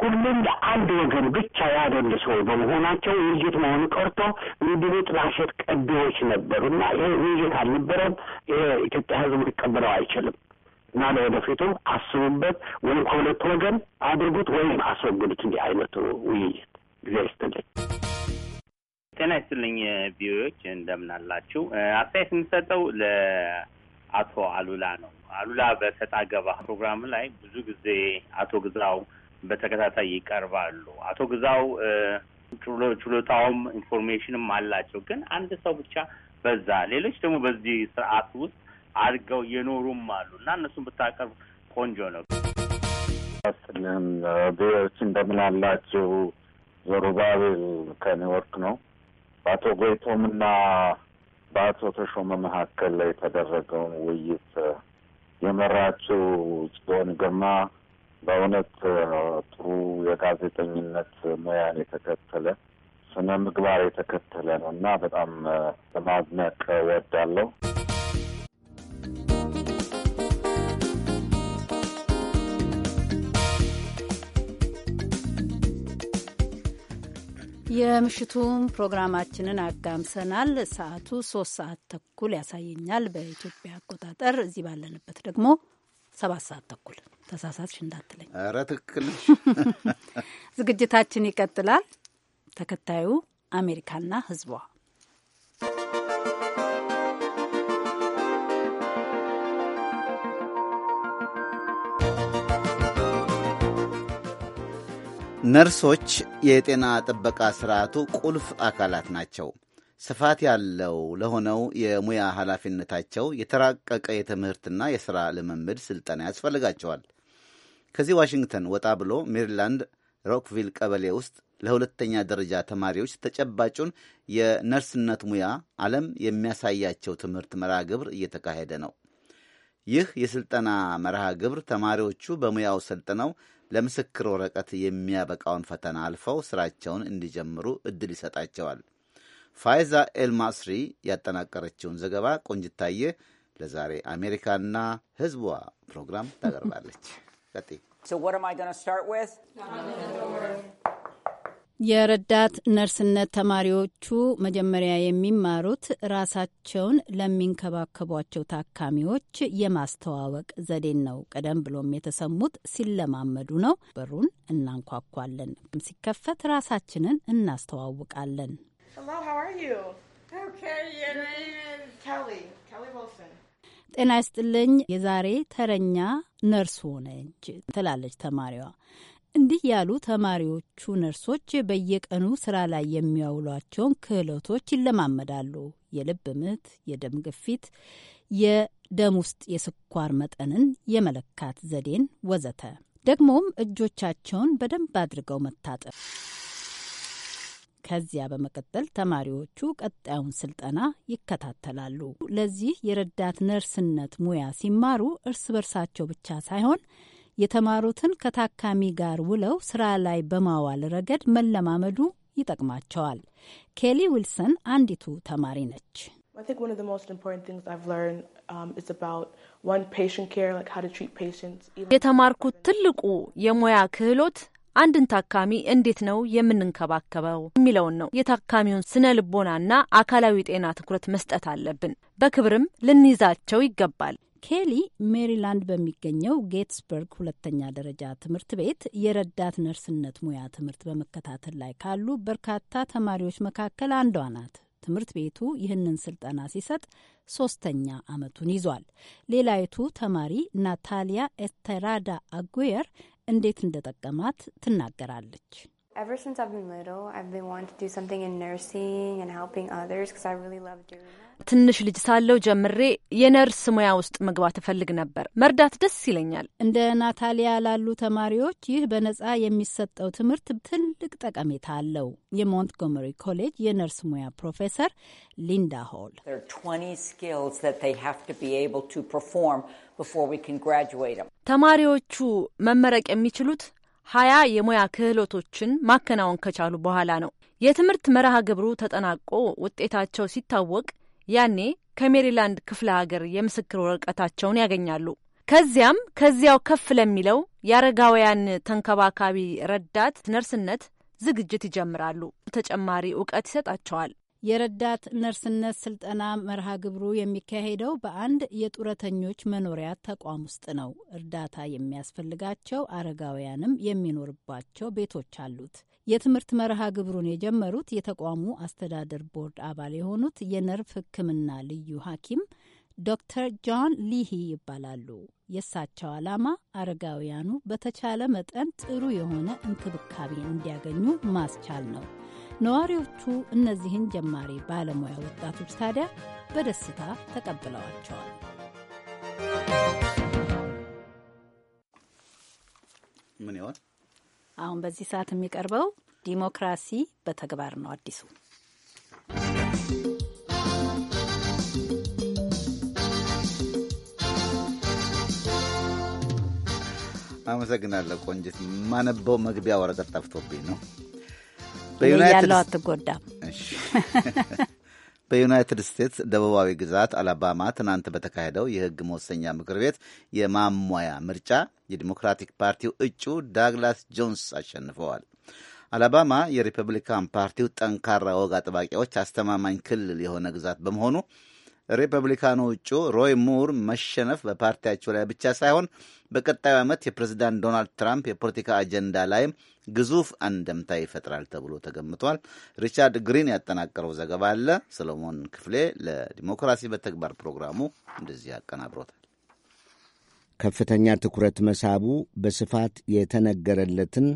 ሁሉም ለአንድ ወገን ብቻ ያደል ሰው በመሆናቸው ውይይት መሆኑ ቀርቶ እንዲሁ ጥላሸት ቀቢዎች ነበሩ እና ይህ ውይይት አልነበረም። ይሄ ኢትዮጵያ ሕዝብ ሊቀበለው አይችልም እና ለወደፊቱ አስቡበት፣ ወይም ከሁለት ወገን አድርጉት ወይም አስወግዱት። እንዲህ አይነቱ ውይይት ጊዜ ይስጥልኝ። ጤና ይስጥልኝ ቪዎች እንደምን አላችሁ? አስተያየት የምሰጠው ለአቶ አሉላ ነው። አሉላ በሰጣ ገባ ፕሮግራም ላይ ብዙ ጊዜ አቶ ግዛው በተከታታይ ይቀርባሉ። አቶ ግዛው ችሎታውም ኢንፎርሜሽንም አላቸው። ግን አንድ ሰው ብቻ በዛ፣ ሌሎች ደግሞ በዚህ ስርዓት ውስጥ አድገው የኖሩም አሉ እና እነሱን ብታቀርብ ቆንጆ ነው። ስልም ቪዎች እንደምን አላችሁ? ዘሩባቤል ከኒውዮርክ ነው። በአቶ ጎይቶም እና በአቶ ተሾመ መካከል ላይ የተደረገውን ውይይት የመራችው ጽዮን ግርማ በእውነት ጥሩ የጋዜጠኝነት ሙያን የተከተለ ስነ ምግባር የተከተለ ነው እና በጣም ለማድነቅ ወዳለሁ። የምሽቱም ፕሮግራማችንን አጋምሰናል። ሰዓቱ ሶስት ሰዓት ተኩል ያሳየኛል በኢትዮጵያ አቆጣጠር። እዚህ ባለንበት ደግሞ ሰባት ሰዓት ተኩል ተሳሳትሽ እንዳትለኝ። ኧረ ትክክል። ዝግጅታችን ይቀጥላል። ተከታዩ አሜሪካና ህዝቧ። ነርሶች የጤና ጥበቃ ስርዓቱ ቁልፍ አካላት ናቸው። ስፋት ያለው ለሆነው የሙያ ኃላፊነታቸው የተራቀቀ የትምህርትና የሥራ ልምምድ ሥልጠና ያስፈልጋቸዋል። ከዚህ ዋሽንግተን ወጣ ብሎ ሜሪላንድ ሮክቪል ቀበሌ ውስጥ ለሁለተኛ ደረጃ ተማሪዎች ተጨባጩን የነርስነት ሙያ ዓለም የሚያሳያቸው ትምህርት መርሃ ግብር እየተካሄደ ነው። ይህ የሥልጠና መርሃ ግብር ተማሪዎቹ በሙያው ሰልጥነው ለምስክር ወረቀት የሚያበቃውን ፈተና አልፈው ስራቸውን እንዲጀምሩ እድል ይሰጣቸዋል። ፋይዛ ኤልማስሪ ያጠናቀረችውን ዘገባ ቆንጅታየ ለዛሬ አሜሪካና ሕዝቧ ፕሮግራም ታቀርባለች። ቀጥይ የረዳት ነርስነት ተማሪዎቹ መጀመሪያ የሚማሩት ራሳቸውን ለሚንከባከቧቸው ታካሚዎች የማስተዋወቅ ዘዴን ነው። ቀደም ብሎም የተሰሙት ሲለማመዱ ነው። በሩን እናንኳኳለን፣ ሲከፈት ራሳችንን እናስተዋውቃለን። ጤና ይስጥልኝ፣ የዛሬ ተረኛ ነርስ ሆነች ትላለች ተማሪዋ። እንዲህ ያሉ ተማሪዎቹ ነርሶች በየቀኑ ስራ ላይ የሚያውሏቸውን ክህሎቶች ይለማመዳሉ። የልብ ምት፣ የደም ግፊት፣ የደም ውስጥ የስኳር መጠንን የመለካት ዘዴን ወዘተ። ደግሞም እጆቻቸውን በደንብ አድርገው መታጠብ። ከዚያ በመቀጠል ተማሪዎቹ ቀጣዩን ስልጠና ይከታተላሉ። ለዚህ የረዳት ነርስነት ሙያ ሲማሩ እርስ በርሳቸው ብቻ ሳይሆን የተማሩትን ከታካሚ ጋር ውለው ስራ ላይ በማዋል ረገድ መለማመዱ ይጠቅማቸዋል። ኬሊ ዊልሰን አንዲቱ ተማሪ ነች። um, የተማርኩት ትልቁ የሙያ ክህሎት አንድን ታካሚ እንዴት ነው የምንንከባከበው የሚለውን ነው። የታካሚውን ስነ ልቦናና አካላዊ ጤና ትኩረት መስጠት አለብን። በክብርም ልንይዛቸው ይገባል። ኬሊ ሜሪላንድ በሚገኘው ጌትስበርግ ሁለተኛ ደረጃ ትምህርት ቤት የረዳት ነርስነት ሙያ ትምህርት በመከታተል ላይ ካሉ በርካታ ተማሪዎች መካከል አንዷ ናት። ትምህርት ቤቱ ይህንን ስልጠና ሲሰጥ ሶስተኛ ዓመቱን ይዟል። ሌላይቱ ተማሪ ናታሊያ ኤስተራዳ አጉየር እንዴት እንደጠቀማት ትናገራለች። ትንሽ ልጅ ሳለው ጀምሬ የነርስ ሙያ ውስጥ መግባት እፈልግ ነበር። መርዳት ደስ ይለኛል። እንደ ናታሊያ ላሉ ተማሪዎች ይህ በነጻ የሚሰጠው ትምህርት ትልቅ ጠቀሜታ አለው። የሞንትጎመሪ ኮሌጅ የነርስ ሙያ ፕሮፌሰር ሊንዳ ሆል ተማሪዎቹ መመረቅ የሚችሉት ሀያ የሙያ ክህሎቶችን ማከናወን ከቻሉ በኋላ ነው። የትምህርት መርሃ ግብሩ ተጠናቆ ውጤታቸው ሲታወቅ ያኔ ከሜሪላንድ ክፍለ ሀገር የምስክር ወረቀታቸውን ያገኛሉ። ከዚያም ከዚያው ከፍ ለሚለው የአረጋውያን ተንከባካቢ ረዳት ነርስነት ዝግጅት ይጀምራሉ። ተጨማሪ እውቀት ይሰጣቸዋል። የረዳት ነርስነት ስልጠና መርሃ ግብሩ የሚካሄደው በአንድ የጡረተኞች መኖሪያ ተቋም ውስጥ ነው። እርዳታ የሚያስፈልጋቸው አረጋውያንም የሚኖርባቸው ቤቶች አሉት። የትምህርት መርሃ ግብሩን የጀመሩት የተቋሙ አስተዳደር ቦርድ አባል የሆኑት የነርቭ ሕክምና ልዩ ሐኪም ዶክተር ጆን ሊሂ ይባላሉ። የእሳቸው ዓላማ አረጋውያኑ በተቻለ መጠን ጥሩ የሆነ እንክብካቤ እንዲያገኙ ማስቻል ነው። ነዋሪዎቹ እነዚህን ጀማሪ ባለሙያ ወጣቶች ታዲያ በደስታ ተቀብለዋቸዋል። ምን ይሆን? አሁን በዚህ ሰዓት የሚቀርበው ዲሞክራሲ በተግባር ነው። አዲሱ አመሰግናለሁ ቆንጅት። የማነበው መግቢያ ወረቀት ጠፍቶብኝ ነው። በዩናይትድ አትጎዳም። በዩናይትድ ስቴትስ ደቡባዊ ግዛት አላባማ ትናንት በተካሄደው የህግ መወሰኛ ምክር ቤት የማሟያ ምርጫ የዲሞክራቲክ ፓርቲው እጩ ዳግላስ ጆንስ አሸንፈዋል። አላባማ የሪፐብሊካን ፓርቲው ጠንካራ ወግ አጥባቂዎች አስተማማኝ ክልል የሆነ ግዛት በመሆኑ ሪፐብሊካኑ እጩ ሮይ ሙር መሸነፍ በፓርቲያቸው ላይ ብቻ ሳይሆን በቀጣዩ ዓመት የፕሬዚዳንት ዶናልድ ትራምፕ የፖለቲካ አጀንዳ ላይም ግዙፍ አንደምታ ይፈጥራል ተብሎ ተገምቷል። ሪቻርድ ግሪን ያጠናቀረው ዘገባ አለ። ሰሎሞን ክፍሌ ለዲሞክራሲ በተግባር ፕሮግራሙ እንደዚህ ያቀናብሮታል። ከፍተኛ ትኩረት መሳቡ በስፋት የተነገረለትን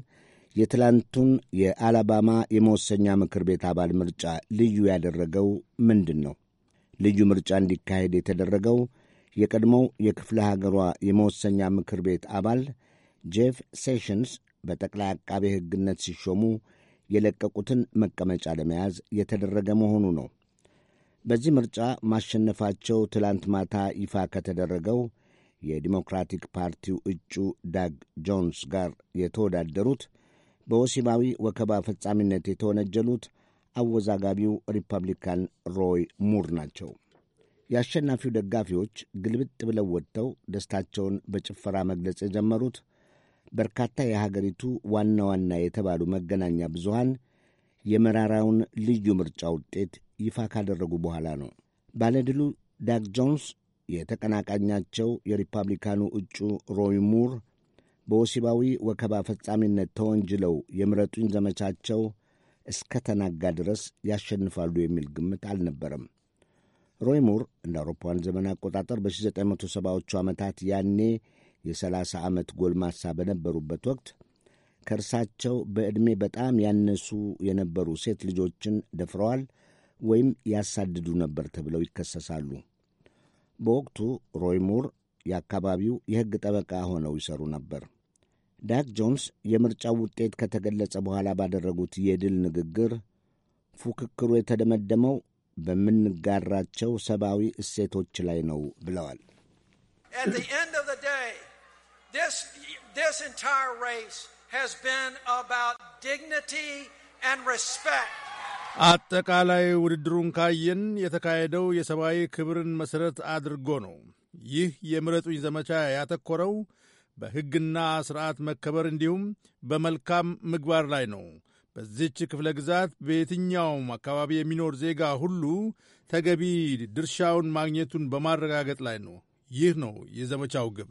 የትላንቱን የአላባማ የመወሰኛ ምክር ቤት አባል ምርጫ ልዩ ያደረገው ምንድን ነው? ልዩ ምርጫ እንዲካሄድ የተደረገው የቀድሞው የክፍለ ሀገሯ የመወሰኛ ምክር ቤት አባል ጄፍ ሴሽንስ በጠቅላይ አቃቤ ሕግነት ሲሾሙ የለቀቁትን መቀመጫ ለመያዝ የተደረገ መሆኑ ነው። በዚህ ምርጫ ማሸነፋቸው ትላንት ማታ ይፋ ከተደረገው የዲሞክራቲክ ፓርቲው እጩ ዳግ ጆንስ ጋር የተወዳደሩት በወሲባዊ ወከባ ፈጻሚነት የተወነጀሉት አወዛጋቢው ሪፐብሊካን ሮይ ሙር ናቸው። የአሸናፊው ደጋፊዎች ግልብጥ ብለው ወጥተው ደስታቸውን በጭፈራ መግለጽ የጀመሩት በርካታ የሀገሪቱ ዋና ዋና የተባሉ መገናኛ ብዙሃን የመራራውን ልዩ ምርጫ ውጤት ይፋ ካደረጉ በኋላ ነው። ባለድሉ ዳግ ጆንስ የተቀናቃኛቸው የሪፐብሊካኑ እጩ ሮይ ሙር በወሲባዊ ወከባ ፈጻሚነት ተወንጅለው የምረጡኝ ዘመቻቸው እስከ ተናጋ ድረስ ያሸንፋሉ የሚል ግምት አልነበረም። ሮይ ሙር እንደ አውሮፓውያን ዘመን አቆጣጠር በ1970ዎቹ ዓመታት ያኔ የ30 ዓመት ጎልማሳ በነበሩበት ወቅት ከእርሳቸው በዕድሜ በጣም ያነሱ የነበሩ ሴት ልጆችን ደፍረዋል ወይም ያሳድዱ ነበር ተብለው ይከሰሳሉ። በወቅቱ ሮይ ሙር የአካባቢው የሕግ ጠበቃ ሆነው ይሰሩ ነበር። ዳክ ጆንስ የምርጫው ውጤት ከተገለጸ በኋላ ባደረጉት የድል ንግግር ፉክክሩ የተደመደመው በምንጋራቸው ሰብአዊ እሴቶች ላይ ነው ብለዋል። አጠቃላይ ውድድሩን ካየን የተካሄደው የሰብአዊ ክብርን መሠረት አድርጎ ነው። ይህ የምረጡኝ ዘመቻ ያተኮረው በሕግና ሥርዓት መከበር እንዲሁም በመልካም ምግባር ላይ ነው። በዚች ክፍለ ግዛት በየትኛውም አካባቢ የሚኖር ዜጋ ሁሉ ተገቢ ድርሻውን ማግኘቱን በማረጋገጥ ላይ ነው። ይህ ነው የዘመቻው ግብ።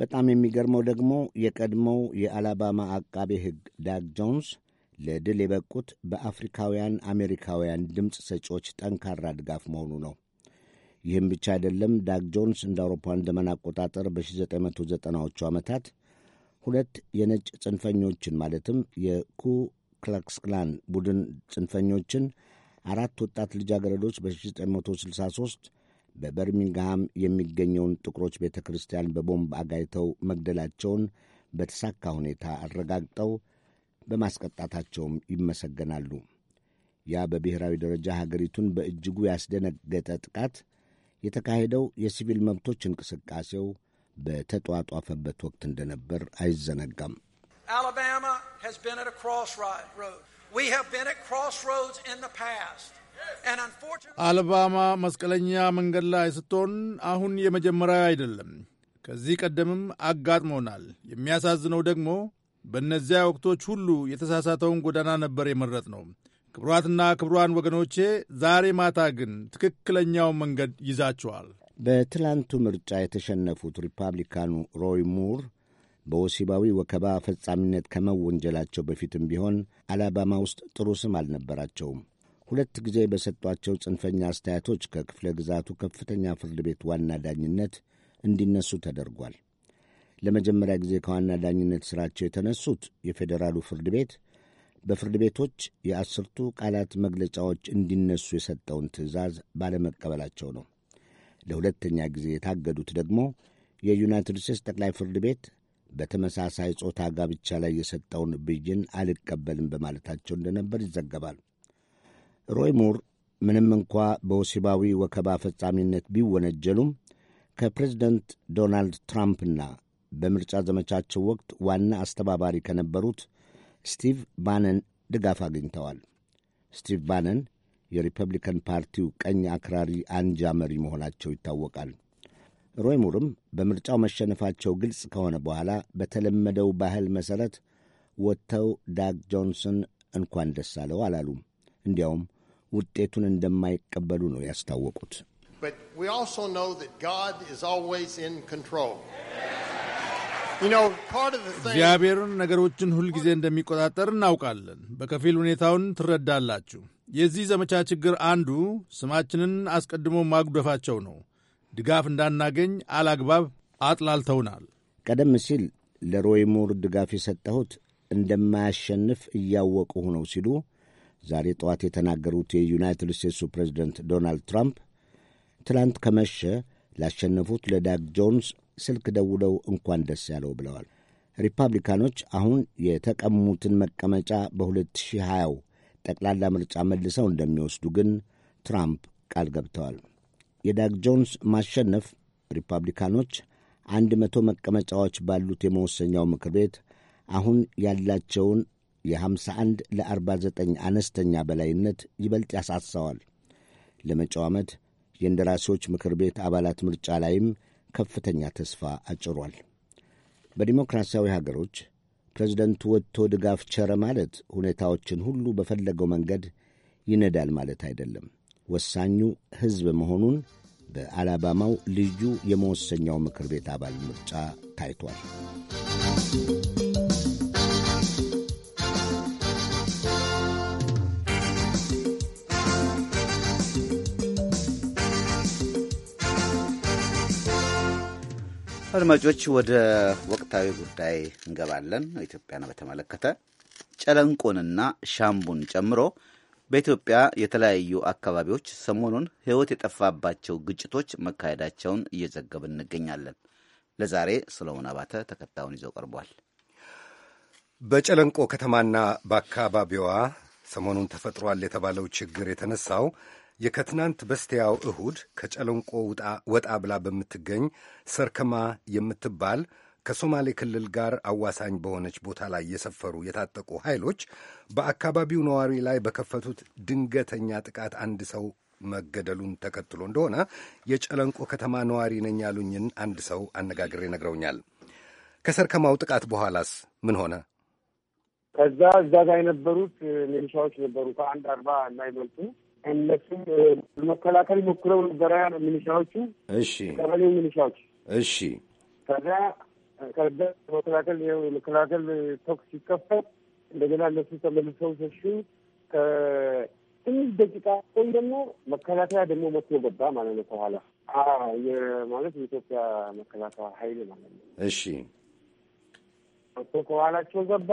በጣም የሚገርመው ደግሞ የቀድሞው የአላባማ አቃቤ ሕግ ዳግ ጆንስ ለድል የበቁት በአፍሪካውያን አሜሪካውያን ድምፅ ሰጪዎች ጠንካራ ድጋፍ መሆኑ ነው። ይህም ብቻ አይደለም። ዳግ ጆንስ እንደ አውሮፓውያን ዘመን አቆጣጠር በ1990ዎቹ ዓመታት ሁለት የነጭ ጽንፈኞችን ማለትም የኩ ክላክስ ክላን ቡድን ጽንፈኞችን አራት ወጣት ልጃገረዶች በ1963 በበርሚንግሃም የሚገኘውን ጥቁሮች ቤተ ክርስቲያን በቦምብ አጋይተው መግደላቸውን በተሳካ ሁኔታ አረጋግጠው በማስቀጣታቸውም ይመሰገናሉ። ያ በብሔራዊ ደረጃ ሀገሪቱን በእጅጉ ያስደነገጠ ጥቃት የተካሄደው የሲቪል መብቶች እንቅስቃሴው በተጧጧፈበት ወቅት እንደነበር አይዘነጋም። አልባማ መስቀለኛ መንገድ ላይ ስትሆን አሁን የመጀመሪያው አይደለም። ከዚህ ቀደምም አጋጥሞናል። የሚያሳዝነው ደግሞ በእነዚያ ወቅቶች ሁሉ የተሳሳተውን ጎዳና ነበር የመረጥ ነው። ክብሯትና ክብሯን ወገኖቼ ዛሬ ማታ ግን ትክክለኛውን መንገድ ይዛችኋል። በትላንቱ ምርጫ የተሸነፉት ሪፐብሊካኑ ሮይ ሙር በወሲባዊ ወከባ ፈጻሚነት ከመወንጀላቸው በፊትም ቢሆን አላባማ ውስጥ ጥሩ ስም አልነበራቸውም። ሁለት ጊዜ በሰጧቸው ጽንፈኛ አስተያየቶች ከክፍለ ግዛቱ ከፍተኛ ፍርድ ቤት ዋና ዳኝነት እንዲነሱ ተደርጓል። ለመጀመሪያ ጊዜ ከዋና ዳኝነት ሥራቸው የተነሱት የፌዴራሉ ፍርድ ቤት በፍርድ ቤቶች የአስርቱ ቃላት መግለጫዎች እንዲነሱ የሰጠውን ትዕዛዝ ባለመቀበላቸው ነው። ለሁለተኛ ጊዜ የታገዱት ደግሞ የዩናይትድ ስቴትስ ጠቅላይ ፍርድ ቤት በተመሳሳይ ጾታ ጋብቻ ላይ የሰጠውን ብይን አልቀበልም በማለታቸው እንደነበር ይዘገባል። ሮይ ሙር ምንም እንኳ በወሲባዊ ወከባ ፈጻሚነት ቢወነጀሉም ከፕሬዝደንት ዶናልድ ትራምፕና በምርጫ ዘመቻቸው ወቅት ዋና አስተባባሪ ከነበሩት ስቲቭ ባነን ድጋፍ አግኝተዋል። ስቲቭ ባነን የሪፐብሊካን ፓርቲው ቀኝ አክራሪ አንጃ መሪ መሆናቸው ይታወቃል። ሮይ ሙርም በምርጫው መሸነፋቸው ግልጽ ከሆነ በኋላ በተለመደው ባህል መሠረት ወጥተው ዳግ ጆንሰን እንኳን ደስ አለው አላሉም። እንዲያውም ውጤቱን እንደማይቀበሉ ነው ያስታወቁት። But we also know that God is always in control. Yeah. እግዚአብሔርን ነገሮችን ሁልጊዜ እንደሚቆጣጠር እናውቃለን። በከፊል ሁኔታውን ትረዳላችሁ። የዚህ ዘመቻ ችግር አንዱ ስማችንን አስቀድሞ ማጉደፋቸው ነው። ድጋፍ እንዳናገኝ አላግባብ አጥላልተውናል። ቀደም ሲል ለሮይ ሙር ድጋፍ የሰጠሁት እንደማያሸንፍ እያወቁ ነው ሲሉ ዛሬ ጠዋት የተናገሩት የዩናይትድ ስቴትሱ ፕሬዚደንት ዶናልድ ትራምፕ ትላንት ከመሸ ላሸነፉት ለዳግ ጆንስ ስልክ ደውለው እንኳን ደስ ያለው ብለዋል። ሪፐብሊካኖች አሁን የተቀሙትን መቀመጫ በ2020 ጠቅላላ ምርጫ መልሰው እንደሚወስዱ ግን ትራምፕ ቃል ገብተዋል። የዳግ ጆንስ ማሸነፍ ሪፐብሊካኖች አንድ መቶ መቀመጫዎች ባሉት የመወሰኛው ምክር ቤት አሁን ያላቸውን የ51 ለ49 አነስተኛ በላይነት ይበልጥ ያሳሳዋል። ለመጪው ዓመት የእንደራሴዎች ምክር ቤት አባላት ምርጫ ላይም ከፍተኛ ተስፋ አጭሯል። በዲሞክራሲያዊ ሀገሮች ፕሬዚደንቱ ወጥቶ ድጋፍ ቸረ ማለት ሁኔታዎችን ሁሉ በፈለገው መንገድ ይነዳል ማለት አይደለም። ወሳኙ ሕዝብ መሆኑን በአላባማው ልዩ የመወሰኛው ምክር ቤት አባል ምርጫ ታይቷል። አድማጮች ወደ ወቅታዊ ጉዳይ እንገባለን። ኢትዮጵያን በተመለከተ ጨለንቆንና ሻምቡን ጨምሮ በኢትዮጵያ የተለያዩ አካባቢዎች ሰሞኑን ሕይወት የጠፋባቸው ግጭቶች መካሄዳቸውን እየዘገብን እንገኛለን። ለዛሬ ሰለሞን አባተ ተከታዩን ይዘው ቀርቧል። በጨለንቆ ከተማና በአካባቢዋ ሰሞኑን ተፈጥሯል የተባለው ችግር የተነሳው የከትናንት በስቲያው እሁድ ከጨለንቆ ወጣ ብላ በምትገኝ ሰርከማ የምትባል ከሶማሌ ክልል ጋር አዋሳኝ በሆነች ቦታ ላይ የሰፈሩ የታጠቁ ኃይሎች በአካባቢው ነዋሪ ላይ በከፈቱት ድንገተኛ ጥቃት አንድ ሰው መገደሉን ተከትሎ እንደሆነ የጨለንቆ ከተማ ነዋሪ ነኝ ያሉኝን አንድ ሰው አነጋግሬ ነግረውኛል። ከሰርከማው ጥቃት በኋላስ ምን ሆነ? ከዛ እዛ ጋር የነበሩት ሚሊሻዎች ነበሩ ከአንድ አርባ የማይበልጡ እነሱም ለመከላከል ሞክረው ነበረ ሚኒሻዎቹ። እሺ ቀበሌ ሚኒሻዎች። እሺ ከዛ ከበ መከላከል የመከላከል ተኩስ ሲከፈት እንደገና እነሱ ተመልሰው ሸሹ። ከትንሽ ደቂቃ ቆይ ደግሞ መከላከያ ደግሞ መቶ ገባ ማለት ነው ከኋላ ማለት የኢትዮጵያ መከላከያ ኃይል ማለት ነው። እሺ መቶ ከኋላቸው ገባ።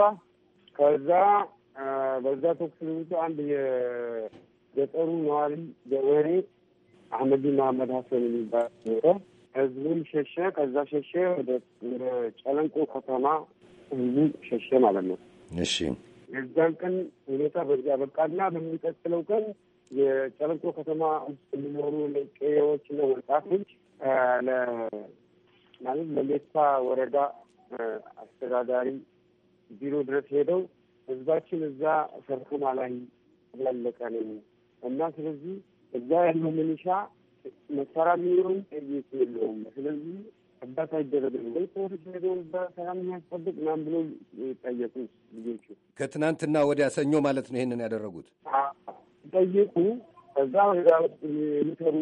ከዛ በዛ ተኩስ አንድ ገጠሩ ነዋሪ ገበሬ አህመድ መሀመድ ሀሰን የሚባል ኖረ። ህዝቡም ሸሸ። ከዛ ሸሸ ወደ ጨለንቆ ከተማ ህዝቡ ሸሸ ማለት ነው። እሺ የዛን ቀን ሁኔታ በዚያ በቃና በሚቀጥለው ቀን የጨለንቆ ከተማ ውስጥ የሚኖሩ ቀዬዎች እና ወጣቶች ማለት ለሜታ ወረዳ አስተዳዳሪ ቢሮ ድረስ ሄደው ህዝባችን እዛ ሰርኮማ ላይ ያለቀ ነው እና ስለዚህ እዛ ያለው ምንሻ መሳሪያ የሚኖሩም ጥይት የለውም። ስለዚህ እርዳታ አይደረግም ወይ ተወሰደውን በሰላም የሚያስጠብቅ ናም ብሎ ጠየቁ። ልጆቹ ከትናንትና ወዲያ ሰኞ ማለት ነው ይሄንን ያደረጉት ጠየቁ። ከዛ ወደ የሚሰሩ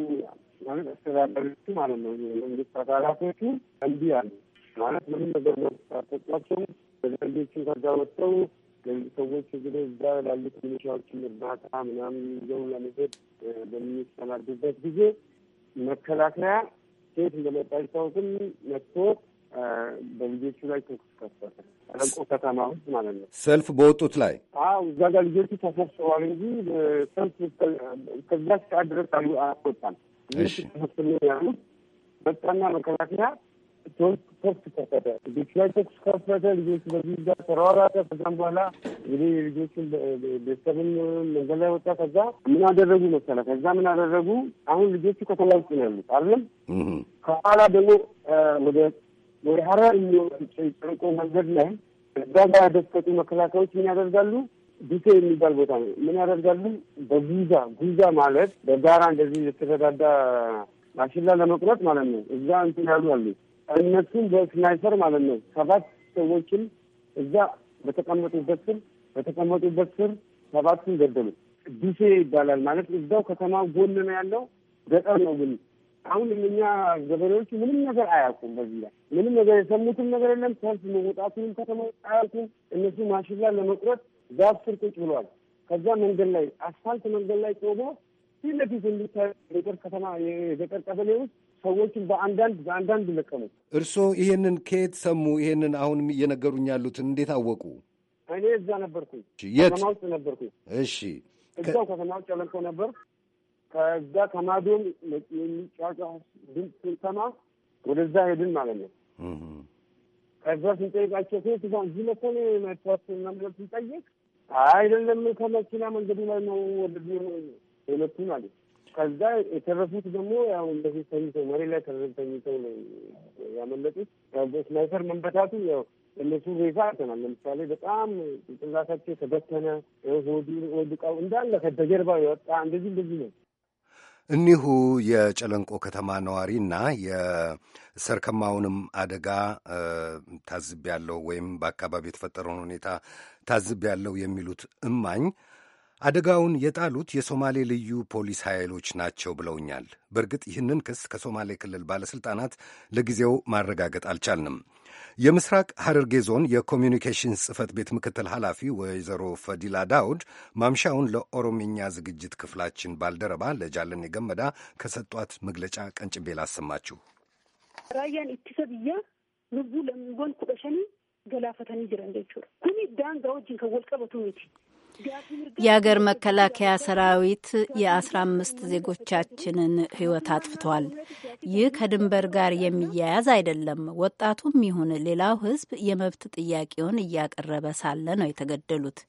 ማለት አስተዳዳሪዎቹ ማለት ነው የመንግስት አካላቶቹ እንዲህ አሉ ማለት ምንም ነገር ነው ታጠቋቸው በዘርጌችን ከዛ ወጥተው ሰዎች እግ እዛ ላሉት ሚሊሻዎችን እርዳታ ምናምን ይዘው ለመሄድ በሚሰናዱበት ጊዜ መከላከያ ሴት እንደመጣ አይታወቅም መጥቶ በልጆቹ ላይ ተኩስ ከፈተ። አለቆ ከተማ ውስጥ ማለት ነው። ሰልፍ በወጡት ላይ አዎ፣ እዛ ጋር ልጆቹ ተሰብስበዋል እንጂ ሰልፍ ከዛ ሰዓት ድረስ አልወጣም። ያሉት መጣና መከላከያ ፖስት ልጆች ላይ ተኩስ ከፈተ። ተሯሯጠ። ከዛም በኋላ እንግዲህ ልጆቹን ቤተሰብን መንገድ ላይ ወጣ። ከዛ ምን አደረጉ ከዛ ምን አደረጉ? አሁን ልጆቹ ከተማ ውስጥ ነው ያሉት አይደለም። ከኋላ ደግሞ ወደ ወደ ሀረር ጨርቆ መንገድ ላይ እዛ ጋር ያደፈጡ መከላከያዎች ምን ያደርጋሉ? ዱሴ የሚባል ቦታ ነው። ምን ያደርጋሉ? በጉዛ ጉዛ ማለት በጋራ እንደዚህ የተረዳዳ ማሽላ ለመቁረጥ ማለት ነው። እዛ እንትን ያሉ አሉ እነሱም በስናይፐር ማለት ነው ሰባት ሰዎችን እዛ በተቀመጡበት ስር በተቀመጡበት ስር ሰባቱን ገደሉ። ዱሴ ይባላል ማለት እዛው ከተማ ጎን ነው ያለው፣ ገጠር ነው ግን አሁን እኛ ገበሬዎች ምንም ነገር አያውቁም። በዚህ ላይ ምንም ነገር የሰሙትም ነገር የለም። ሰልፍ መውጣቱንም ከተማ አያውቁም። እነሱ ማሽላ ለመቁረጥ ዛፍ ስር ቁጭ ብሏል። ከዛ መንገድ ላይ አስፋልት መንገድ ላይ ቆሞ ፊት ለፊት እንዲታይ ገጠር ከተማ የገጠር ቀበሌ ውስጥ ሰዎችን በአንዳንድ በአንዳንድ ለቀሙ። እርስዎ ይሄንን ከየት ሰሙ? ይሄንን አሁንም እየነገሩኝ ያሉትን እንዴት አወቁ? እኔ እዛ ነበርኩኝ፣ ከተማ ውስጥ ነበርኩኝ። እሺ፣ እዛው ከተማ ውስጥ ያለንከው ነበር። ከዛ ከማዶም የሚጫጫ ድምፅ ስንሰማ ወደዛ ሄድን ማለት ነው። ከዛ ስንጠይቃቸው ከየት ዛ እዚህ መኮን መጥፋት ምናምን ስንጠይቅ አይደለም ከመኪና መንገዱ ላይ ነው ወደ ሁለቱ ማለት ከዛ የተረፉት ደግሞ ያው እንደዚህ ተኝተው መሬት ላይ ተረ ተኝተው ነው ያመለጡት። ስናይፐር መንበታቱ ያው እነሱ ሬሳ አይተናል። ለምሳሌ በጣም ጭንቅላታቸው ተበተነ፣ ወድቃው እንዳለ ከበጀርባ የወጣ እንደዚህ እንደዚህ ነው። እኒሁ የጨለንቆ ከተማ ነዋሪና የሰርከማውንም አደጋ ታዝቤያለሁ ወይም በአካባቢ የተፈጠረውን ሁኔታ ታዝቤያለሁ የሚሉት እማኝ አደጋውን የጣሉት የሶማሌ ልዩ ፖሊስ ኃይሎች ናቸው ብለውኛል። በእርግጥ ይህንን ክስ ከሶማሌ ክልል ባለሥልጣናት ለጊዜው ማረጋገጥ አልቻልንም። የምስራቅ ሐረርጌ ዞን የኮሚኒኬሽንስ ጽፈት ቤት ምክትል ኃላፊ ወይዘሮ ፈዲላ ዳውድ ማምሻውን ለኦሮምኛ ዝግጅት ክፍላችን ባልደረባ ለጃለን የገመዳ ከሰጧት መግለጫ ቀንጭቤ ላሰማችሁ። ራያን ኢትሰ ብያ ልቡ ለምንጎን ገላፈተኒ ጅረን ኩኒ ዳንጋ ከወልቀበቱ ሚቲ የአገር መከላከያ ሰራዊት የአስራ አምስት ዜጎቻችንን ህይወት አጥፍቷል። ይህ ከድንበር ጋር የሚያያዝ አይደለም። ወጣቱም ይሁን ሌላው ህዝብ የመብት ጥያቄውን እያቀረበ ሳለ ነው የተገደሉት።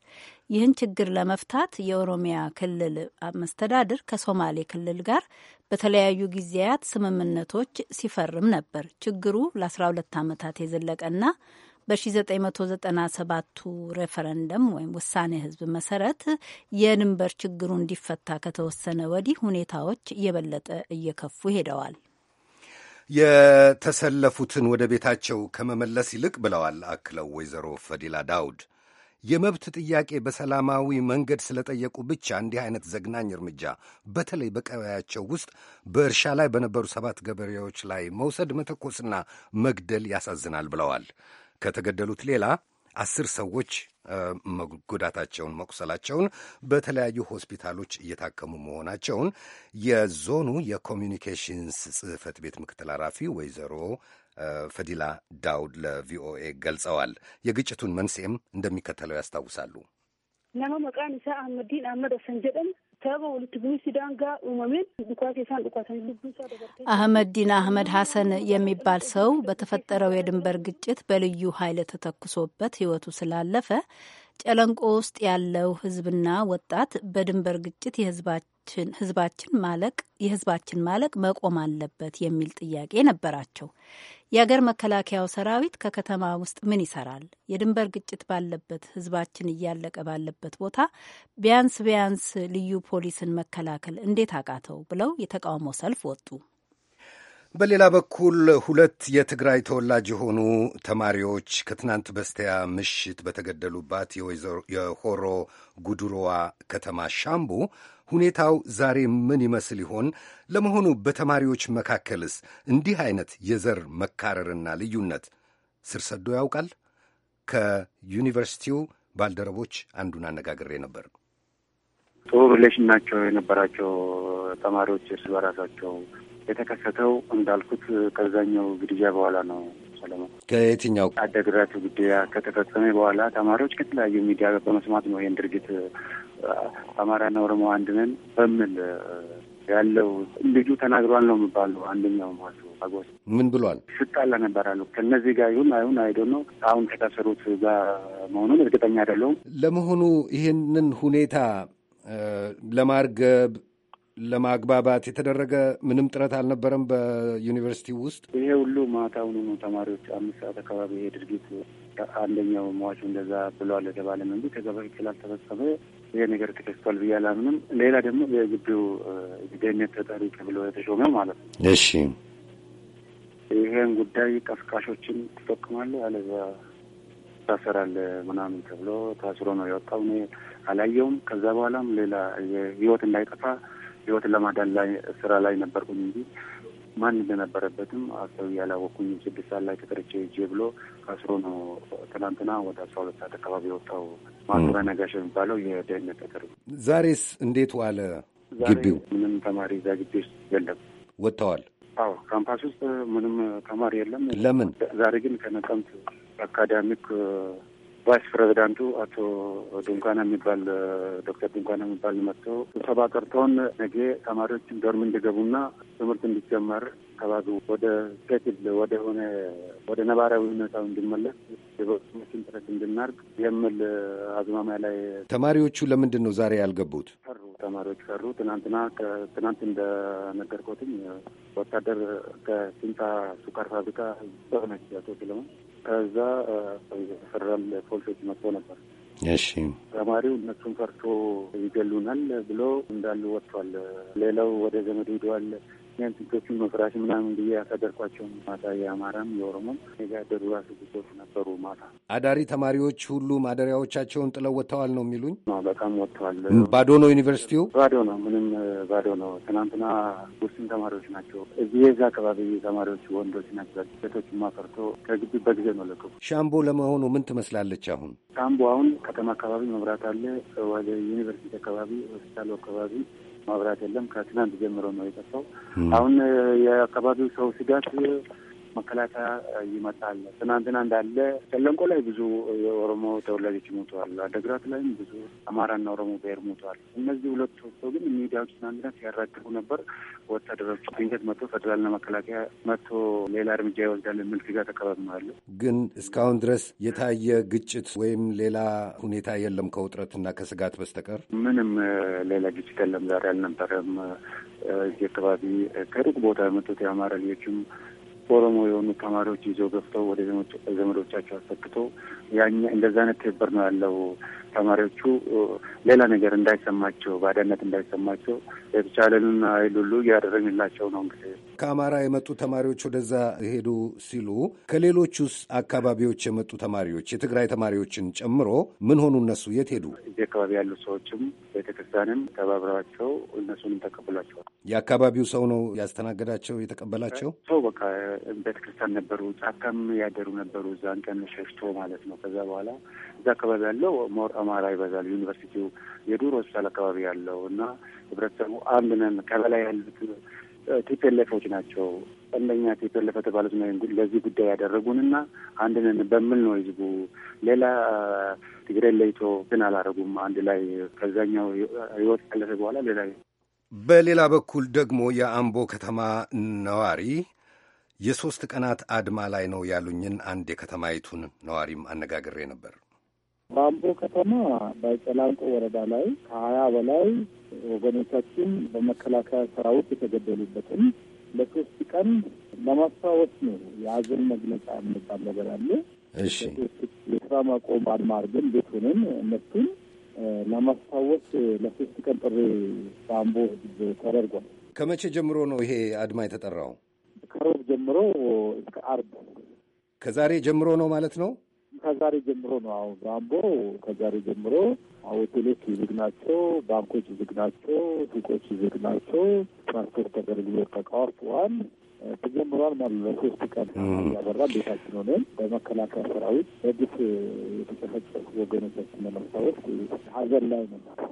ይህን ችግር ለመፍታት የኦሮሚያ ክልል መስተዳድር ከሶማሌ ክልል ጋር በተለያዩ ጊዜያት ስምምነቶች ሲፈርም ነበር። ችግሩ ለ12 ዓመታት የዘለቀና በ1997ቱ ሬፈረንደም ወይም ውሳኔ ህዝብ መሰረት የድንበር ችግሩ እንዲፈታ ከተወሰነ ወዲህ ሁኔታዎች እየበለጠ እየከፉ ሄደዋል። የተሰለፉትን ወደ ቤታቸው ከመመለስ ይልቅ ብለዋል አክለው ወይዘሮ ፈዲላ ዳውድ የመብት ጥያቄ በሰላማዊ መንገድ ስለጠየቁ ብቻ እንዲህ አይነት ዘግናኝ እርምጃ በተለይ በቀበያቸው ውስጥ በእርሻ ላይ በነበሩ ሰባት ገበሬዎች ላይ መውሰድ መተኮስና መግደል ያሳዝናል ብለዋል። ከተገደሉት ሌላ አስር ሰዎች መጎዳታቸውን መቁሰላቸውን በተለያዩ ሆስፒታሎች እየታከሙ መሆናቸውን የዞኑ የኮሚኒኬሽንስ ጽህፈት ቤት ምክትል ኃላፊ ወይዘሮ ፈዲላ ዳውድ ለቪኦኤ ገልጸዋል። የግጭቱን መንስኤም እንደሚከተለው ያስታውሳሉ። ናሆ መቃን ሳ አህመዲን አህመድ ወሰን ጀደም አህመዲን አህመድ ሀሰን የሚባል ሰው በተፈጠረው የድንበር ግጭት በልዩ ኃይል ተተኩሶበት ሕይወቱ ስላለፈ ጨለንቆ ውስጥ ያለው ህዝብና ወጣት በድንበር ግጭት የህዝባችን ህዝባችን ማለቅ የህዝባችን ማለቅ መቆም አለበት የሚል ጥያቄ ነበራቸው። የአገር መከላከያው ሰራዊት ከከተማ ውስጥ ምን ይሰራል? የድንበር ግጭት ባለበት ህዝባችን እያለቀ ባለበት ቦታ ቢያንስ ቢያንስ ልዩ ፖሊስን መከላከል እንዴት አቃተው? ብለው የተቃውሞ ሰልፍ ወጡ። በሌላ በኩል ሁለት የትግራይ ተወላጅ የሆኑ ተማሪዎች ከትናንት በስቲያ ምሽት በተገደሉባት የሆሮ ጉድሮዋ ከተማ ሻምቡ ሁኔታው ዛሬ ምን ይመስል ይሆን? ለመሆኑ በተማሪዎች መካከልስ እንዲህ አይነት የዘር መካረርና ልዩነት ስር ሰዶ ያውቃል? ከዩኒቨርሲቲው ባልደረቦች አንዱን አነጋግሬ ነበር። ጥሩ ሪሌሽን ናቸው የነበራቸው ተማሪዎች እርስ በራሳቸው የተከሰተው እንዳልኩት ከዛኛው ግድያ በኋላ ነው። ሰለሞን ከየትኛው አደግራት ግድያ ከተፈጸመ በኋላ ተማሪዎች ከተለያዩ ሚዲያ በመስማት ነው ይህን ድርጊት አማራና ኦሮሞ አንድ ነን በሚል ያለው ልጁ ተናግሯል ነው የሚባሉ አንደኛው ማለት አጎስ ምን ብሏል? ስጣላ ነበር አሉ። ከነዚህ ጋር ይሁን አይሁን አይዶ ነው አሁን ከታሰሩት ጋር መሆኑን እርግጠኛ አይደለሁም። ለመሆኑ ይህንን ሁኔታ ለማርገብ ለማግባባት የተደረገ ምንም ጥረት አልነበረም። በዩኒቨርሲቲ ውስጥ ይሄ ሁሉ ማታውኑ ነው። ተማሪዎች አምስት ሰዓት አካባቢ ይሄ ድርጊት አንደኛው ሟቹ እንደዛ ብሏል የተባለ ነው እንጂ ከዛ በፊት ስላልተፈጸመ ይሄ ነገር ተከስቷል ብዬ አላምንም። ሌላ ደግሞ የግቢው ደህንነት ተጠሪ ተብሎ የተሾመው ማለት ነው። እሺ ይሄን ጉዳይ ቀስቃሾችን ትጠቅማለህ አለዛ ታሰራል ምናምን ተብሎ ታስሮ ነው የወጣው። እኔ አላየውም። ከዛ በኋላም ሌላ ህይወት እንዳይጠፋ ህይወትን ለማዳን ላይ ስራ ላይ ነበርኩኝ እንጂ ማን እንደነበረበትም አሰብ ያላወቅኩኝ። ስድስት ሰዓት ላይ ተጠርቼ ሂጄ ብሎ ከስሮ ነው ትናንትና ወደ አስራ ሁለት ሰዓት አካባቢ የወጣው ማሱራ ነጋሽ የሚባለው የደህንነት ተጠሪ። ዛሬስ እንዴት ዋለ ግቢው? ምንም ተማሪ እዛ ግቢ ውስጥ የለም፣ ወጥተዋል። አዎ ካምፓስ ውስጥ ምንም ተማሪ የለም። ለምን? ዛሬ ግን ከነቀምት አካዳሚክ ቫይስ ፕሬዚዳንቱ አቶ ድንኳና የሚባል ዶክተር ድንኳና የሚባል መጥቶ ስብሰባ ጠርተውን ነገ ተማሪዎች ዶርም እንዲገቡና ትምህርት እንዲጀመር ከባቢ ወደ ሴትል ወደ ሆነ ወደ ነባራዊ ሁኔታው እንዲመለስ የበሱችን ጥረት እንድናርግ የሚል አዝማሚያ ላይ ተማሪዎቹ ለምንድን ነው ዛሬ ያልገቡት? ፈሩ። ተማሪዎች ፈሩ። ትናንትና ትናንት እንደነገርኩትኝ ወታደር ከሲንጣ ሱካር ፋብሪካ ሆነች ያቶ ስለሆን ከዛ ፌደራል ፖሊሶች መጥቶ ነበር። እሺ ተማሪው እነሱን ፈርቶ ይገሉናል ብሎ እንዳሉ ወጥቷል። ሌላው ወደ ዘመድ ሄደዋል። ያን ስልቶቹን መፍራሽ ምናምን ብዬ ያሳደርኳቸውን ማታ የአማራም የኦሮሞም የጋደሩ ራሱ ስልቶች ነበሩ። ማታ አዳሪ ተማሪዎች ሁሉ ማደሪያዎቻቸውን ጥለው ወጥተዋል ነው የሚሉኝ። በጣም ወጥተዋል። ባዶ ነው ዩኒቨርሲቲው፣ ባዶ ነው፣ ምንም ባዶ ነው። ትናንትና ውስን ተማሪዎች ናቸው እዚህ የዛ አካባቢ ተማሪዎች ወንዶች ናቸው። ሴቶች ማፈርቶ ከግቢ በጊዜ ነው ለቀቁ። ሻምቦ ለመሆኑ ምን ትመስላለች አሁን? ሻምቦ አሁን ከተማ አካባቢ መብራት አለ። ወደ ዩኒቨርሲቲ አካባቢ ሆስፒታሉ አካባቢ መብራት የለም። ከትናንት ጀምሮ ነው የጠፋው። አሁን የአካባቢው ሰው ስጋት መከላከያ ይመጣል። ትናንትና እንዳለ ጨለንቆ ላይ ብዙ የኦሮሞ ተወላጆች ሞተዋል። አደግራት ላይም ብዙ አማራና ኦሮሞ ብሔር ሞተዋል። እነዚህ ሁለቱ ሰው ግን ሚዲያዎች ትናንትና ሲያራግቡ ነበር። ወታደሮች ድንገት መጥቶ ፌደራልና መከላከያ መጥቶ ሌላ እርምጃ ይወስዳል የሚል ስጋት አካባቢ ግን እስካሁን ድረስ የታየ ግጭት ወይም ሌላ ሁኔታ የለም ከውጥረትና ከስጋት በስተቀር ምንም ሌላ ግጭት የለም። ዛሬ አልነበረም። እዚህ አካባቢ ከሩቅ ቦታ የመጡት የአማራ ልጆችም ኦሮሞ የሆኑ ተማሪዎች ይዘው ገብተው ወደ ዘመዶቻቸው አሰክተው ያኛ እንደዛ አይነት ትብብር ነው ያለው። ተማሪዎቹ ሌላ ነገር እንዳይሰማቸው፣ ባዳነት እንዳይሰማቸው የተቻለንን ሁሉ እያደረግንላቸው ነው እንግዲህ ከአማራ የመጡ ተማሪዎች ወደዛ ሄዱ ሲሉ ከሌሎች ውስጥ አካባቢዎች የመጡ ተማሪዎች የትግራይ ተማሪዎችን ጨምሮ ምን ሆኑ? እነሱ የት ሄዱ? እዚህ አካባቢ ያሉ ሰዎችም ቤተክርስቲያንም ተባብረዋቸው እነሱንም ተቀብሏቸዋል። የአካባቢው ሰው ነው ያስተናገዳቸው የተቀበላቸው ሰው በቃ ቤተክርስቲያን ነበሩ፣ ጫካም ያደሩ ነበሩ። እዛን ቀን ሸሽቶ ማለት ነው። ከዛ በኋላ እዛ አካባቢ ያለው ሞር አማራ ይበዛል። ዩኒቨርሲቲው የዱር ሆስፒታል አካባቢ ያለው እና ህብረተሰቡ አንድ ነን ከበላይ ያሉት ቲፒኤልኤፎች ናቸው ቀንደኛ ቲፒኤልኤፍ የተባሉት ለዚህ ጉዳይ ያደረጉንና አንድነን በምል ነው ህዝቡ ሌላ ትግሬ ለይቶ ግን አላደረጉም። አንድ ላይ ከዛኛው ህይወት ካለፈ በኋላ ሌላ በሌላ በኩል ደግሞ የአምቦ ከተማ ነዋሪ የሶስት ቀናት አድማ ላይ ነው ያሉኝን አንድ የከተማይቱን ነዋሪም አነጋግሬ ነበር። በአምቦ ከተማ በጨላንቆ ወረዳ ላይ ከሀያ በላይ ወገኖቻችን በመከላከያ ሰራዊት የተገደሉበትን ለሶስት ቀን ለማስታወስ ነው። የሀዘን መግለጫ የሚባል ነገር አለ። የስራ ማቆም አድማር ግን ቤት ሆነን እነሱን ለማስታወስ ለሶስት ቀን ጥሪ በአምቦ ህዝብ ተደርጓል። ከመቼ ጀምሮ ነው ይሄ አድማ የተጠራው? ከሮብ ጀምሮ እስከ አርብ። ከዛሬ ጀምሮ ነው ማለት ነው። ከዛሬ ጀምሮ ነው። አሁን በአምቦ ከዛሬ ጀምሮ ሆቴሎች ዝግ ናቸው፣ ባንኮች ዝግ ናቸው፣ ሱቆች ዝግ ናቸው። ትራንስፖርት አገልግሎት ተቋርጧል። ተጀምሯል ማለት ለሶስት ቀን ያበራ ቤታችን ሆነን በመከላከያ ሰራዊት በግፍ የተጨፈጨፉ ወገኖቻችን ለማስታወስ ሀዘን ላይ ነው።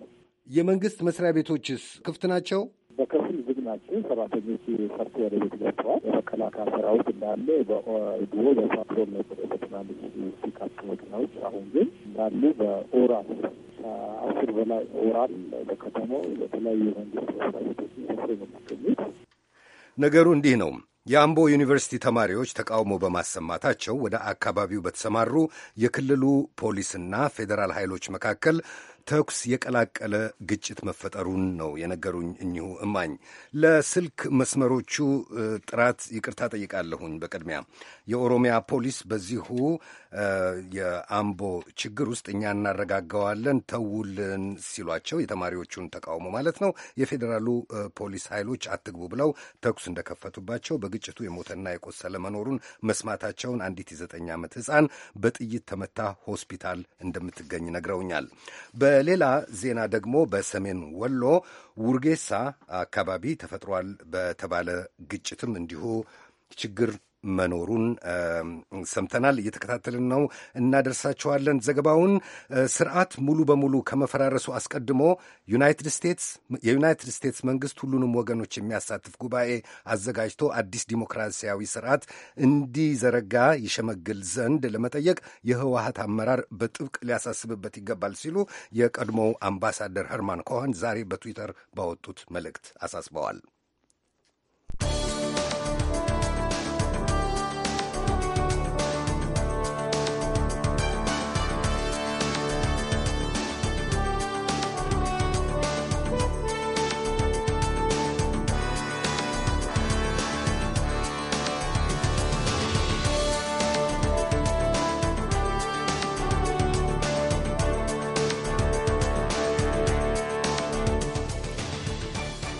የመንግስት መስሪያ ቤቶችስ ክፍት ናቸው? በከፊል ዝግ ናቸው። ሰራተኞች ሰርቶ ወደ ቤት ገብተዋል። የመከላከያ ሰራዊት እንዳለ ድሮ በፓትሮል ነበር በትናንሽ ፒክአፕ መኪናዎች፣ አሁን ግን እንዳሉ በኦራል አስር በላይ ኦራል በከተማው በተለያዩ የመንግስት መስሪያ ቤቶች ሰፍሮ የሚገኙት። ነገሩ እንዲህ ነው። የአምቦ ዩኒቨርሲቲ ተማሪዎች ተቃውሞ በማሰማታቸው ወደ አካባቢው በተሰማሩ የክልሉ ፖሊስና ፌዴራል ኃይሎች መካከል ተኩስ የቀላቀለ ግጭት መፈጠሩን ነው የነገሩኝ እኚሁ እማኝ። ለስልክ መስመሮቹ ጥራት ይቅርታ ጠይቃለሁኝ። በቅድሚያ የኦሮሚያ ፖሊስ በዚሁ የአምቦ ችግር ውስጥ እኛ እናረጋጋዋለን ተውልን ሲሏቸው የተማሪዎቹን ተቃውሞ ማለት ነው የፌዴራሉ ፖሊስ ኃይሎች አትግቡ ብለው ተኩስ እንደከፈቱባቸው በግጭቱ የሞተና የቆሰለ መኖሩን መስማታቸውን አንዲት የዘጠኝ ዓመት ሕፃን በጥይት ተመታ ሆስፒታል እንደምትገኝ ነግረውኛል። በሌላ ዜና ደግሞ በሰሜን ወሎ ውርጌሳ አካባቢ ተፈጥሯል በተባለ ግጭትም እንዲሁ ችግር መኖሩን ሰምተናል። እየተከታተልን ነው፣ እናደርሳቸዋለን ዘገባውን። ስርዓት ሙሉ በሙሉ ከመፈራረሱ አስቀድሞ ዩናይትድ ስቴትስ የዩናይትድ ስቴትስ መንግስት ሁሉንም ወገኖች የሚያሳትፍ ጉባኤ አዘጋጅቶ አዲስ ዲሞክራሲያዊ ስርዓት እንዲዘረጋ ይሸመግል ዘንድ ለመጠየቅ የህወሀት አመራር በጥብቅ ሊያሳስብበት ይገባል ሲሉ የቀድሞው አምባሳደር ሄርማን ኮኸን ዛሬ በትዊተር ባወጡት መልእክት አሳስበዋል።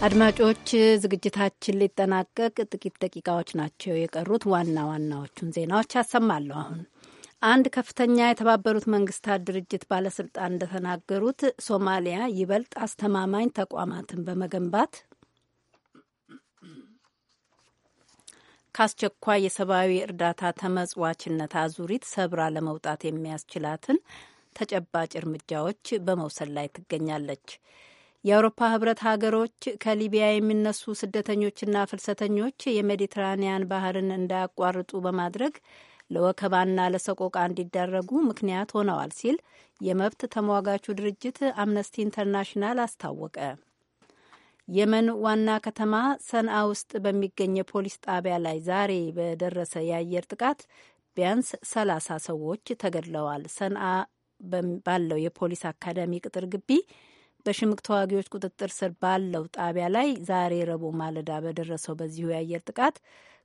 አድማጮች ዝግጅታችን ሊጠናቀቅ ጥቂት ደቂቃዎች ናቸው የቀሩት። ዋና ዋናዎቹን ዜናዎች አሰማለሁ። አሁን አንድ ከፍተኛ የተባበሩት መንግስታት ድርጅት ባለስልጣን እንደተናገሩት ሶማሊያ ይበልጥ አስተማማኝ ተቋማትን በመገንባት ከአስቸኳይ የሰብአዊ እርዳታ ተመጽዋችነት አዙሪት ሰብራ ለመውጣት የሚያስችላትን ተጨባጭ እርምጃዎች በመውሰድ ላይ ትገኛለች። የአውሮፓ ህብረት ሀገሮች ከሊቢያ የሚነሱ ስደተኞችና ፍልሰተኞች የሜዲትራኒያን ባህርን እንዳያቋርጡ በማድረግ ለወከባና ለሰቆቃ እንዲዳረጉ ምክንያት ሆነዋል ሲል የመብት ተሟጋቹ ድርጅት አምነስቲ ኢንተርናሽናል አስታወቀ። የመን ዋና ከተማ ሰንአ ውስጥ በሚገኝ የፖሊስ ጣቢያ ላይ ዛሬ በደረሰ የአየር ጥቃት ቢያንስ ሰላሳ ሰዎች ተገድለዋል። ሰንአ ባለው የፖሊስ አካዳሚ ቅጥር ግቢ በሽምቅ ተዋጊዎች ቁጥጥር ስር ባለው ጣቢያ ላይ ዛሬ ረቡዕ ማለዳ በደረሰው በዚሁ የአየር ጥቃት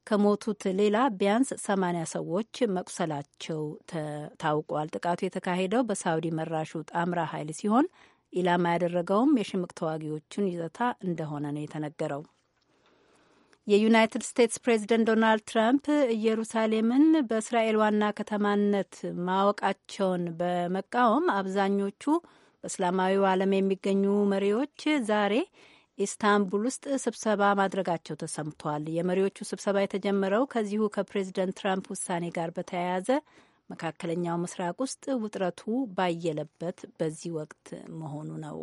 ከሞቱት ሌላ ቢያንስ ሰማንያ ሰዎች መቁሰላቸው ታውቋል። ጥቃቱ የተካሄደው በሳውዲ መራሹ ጣምራ ኃይል ሲሆን ኢላማ ያደረገውም የሽምቅ ተዋጊዎቹን ይዘታ እንደሆነ ነው የተነገረው። የዩናይትድ ስቴትስ ፕሬዚደንት ዶናልድ ትራምፕ ኢየሩሳሌምን በእስራኤል ዋና ከተማነት ማወቃቸውን በመቃወም አብዛኞቹ በእስላማዊው ዓለም የሚገኙ መሪዎች ዛሬ ኢስታንቡል ውስጥ ስብሰባ ማድረጋቸው ተሰምቷል። የመሪዎቹ ስብሰባ የተጀመረው ከዚሁ ከፕሬዚደንት ትራምፕ ውሳኔ ጋር በተያያዘ መካከለኛው ምስራቅ ውስጥ ውጥረቱ ባየለበት በዚህ ወቅት መሆኑ ነው።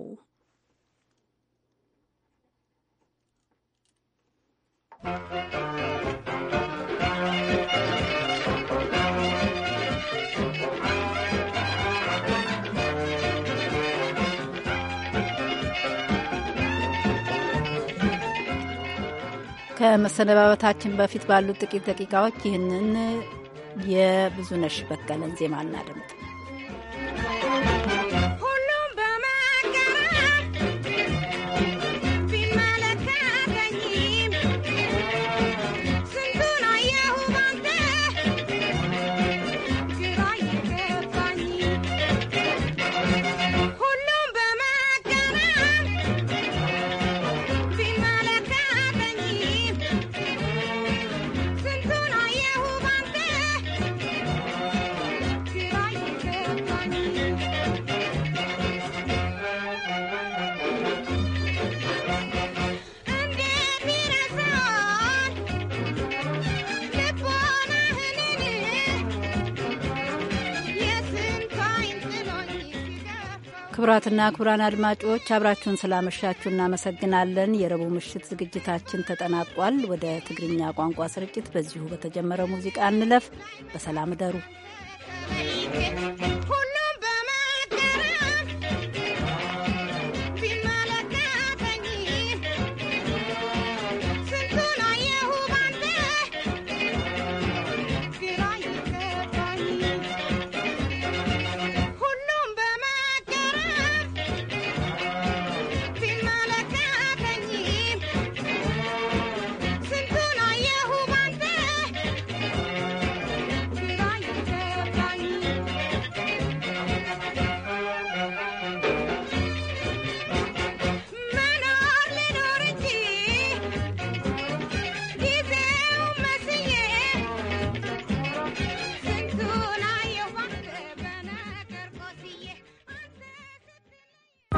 ከመሰነባበታችን በፊት ባሉት ጥቂት ደቂቃዎች ይህንን የብዙነሽ በቀለን ዜማ እናድምጥ። ክቡራትና ክቡራን አድማጮች አብራችሁን ስላመሻችሁ እናመሰግናለን። የረቡዕ ምሽት ዝግጅታችን ተጠናቋል። ወደ ትግርኛ ቋንቋ ስርጭት በዚሁ በተጀመረው ሙዚቃ እንለፍ። በሰላም እደሩ።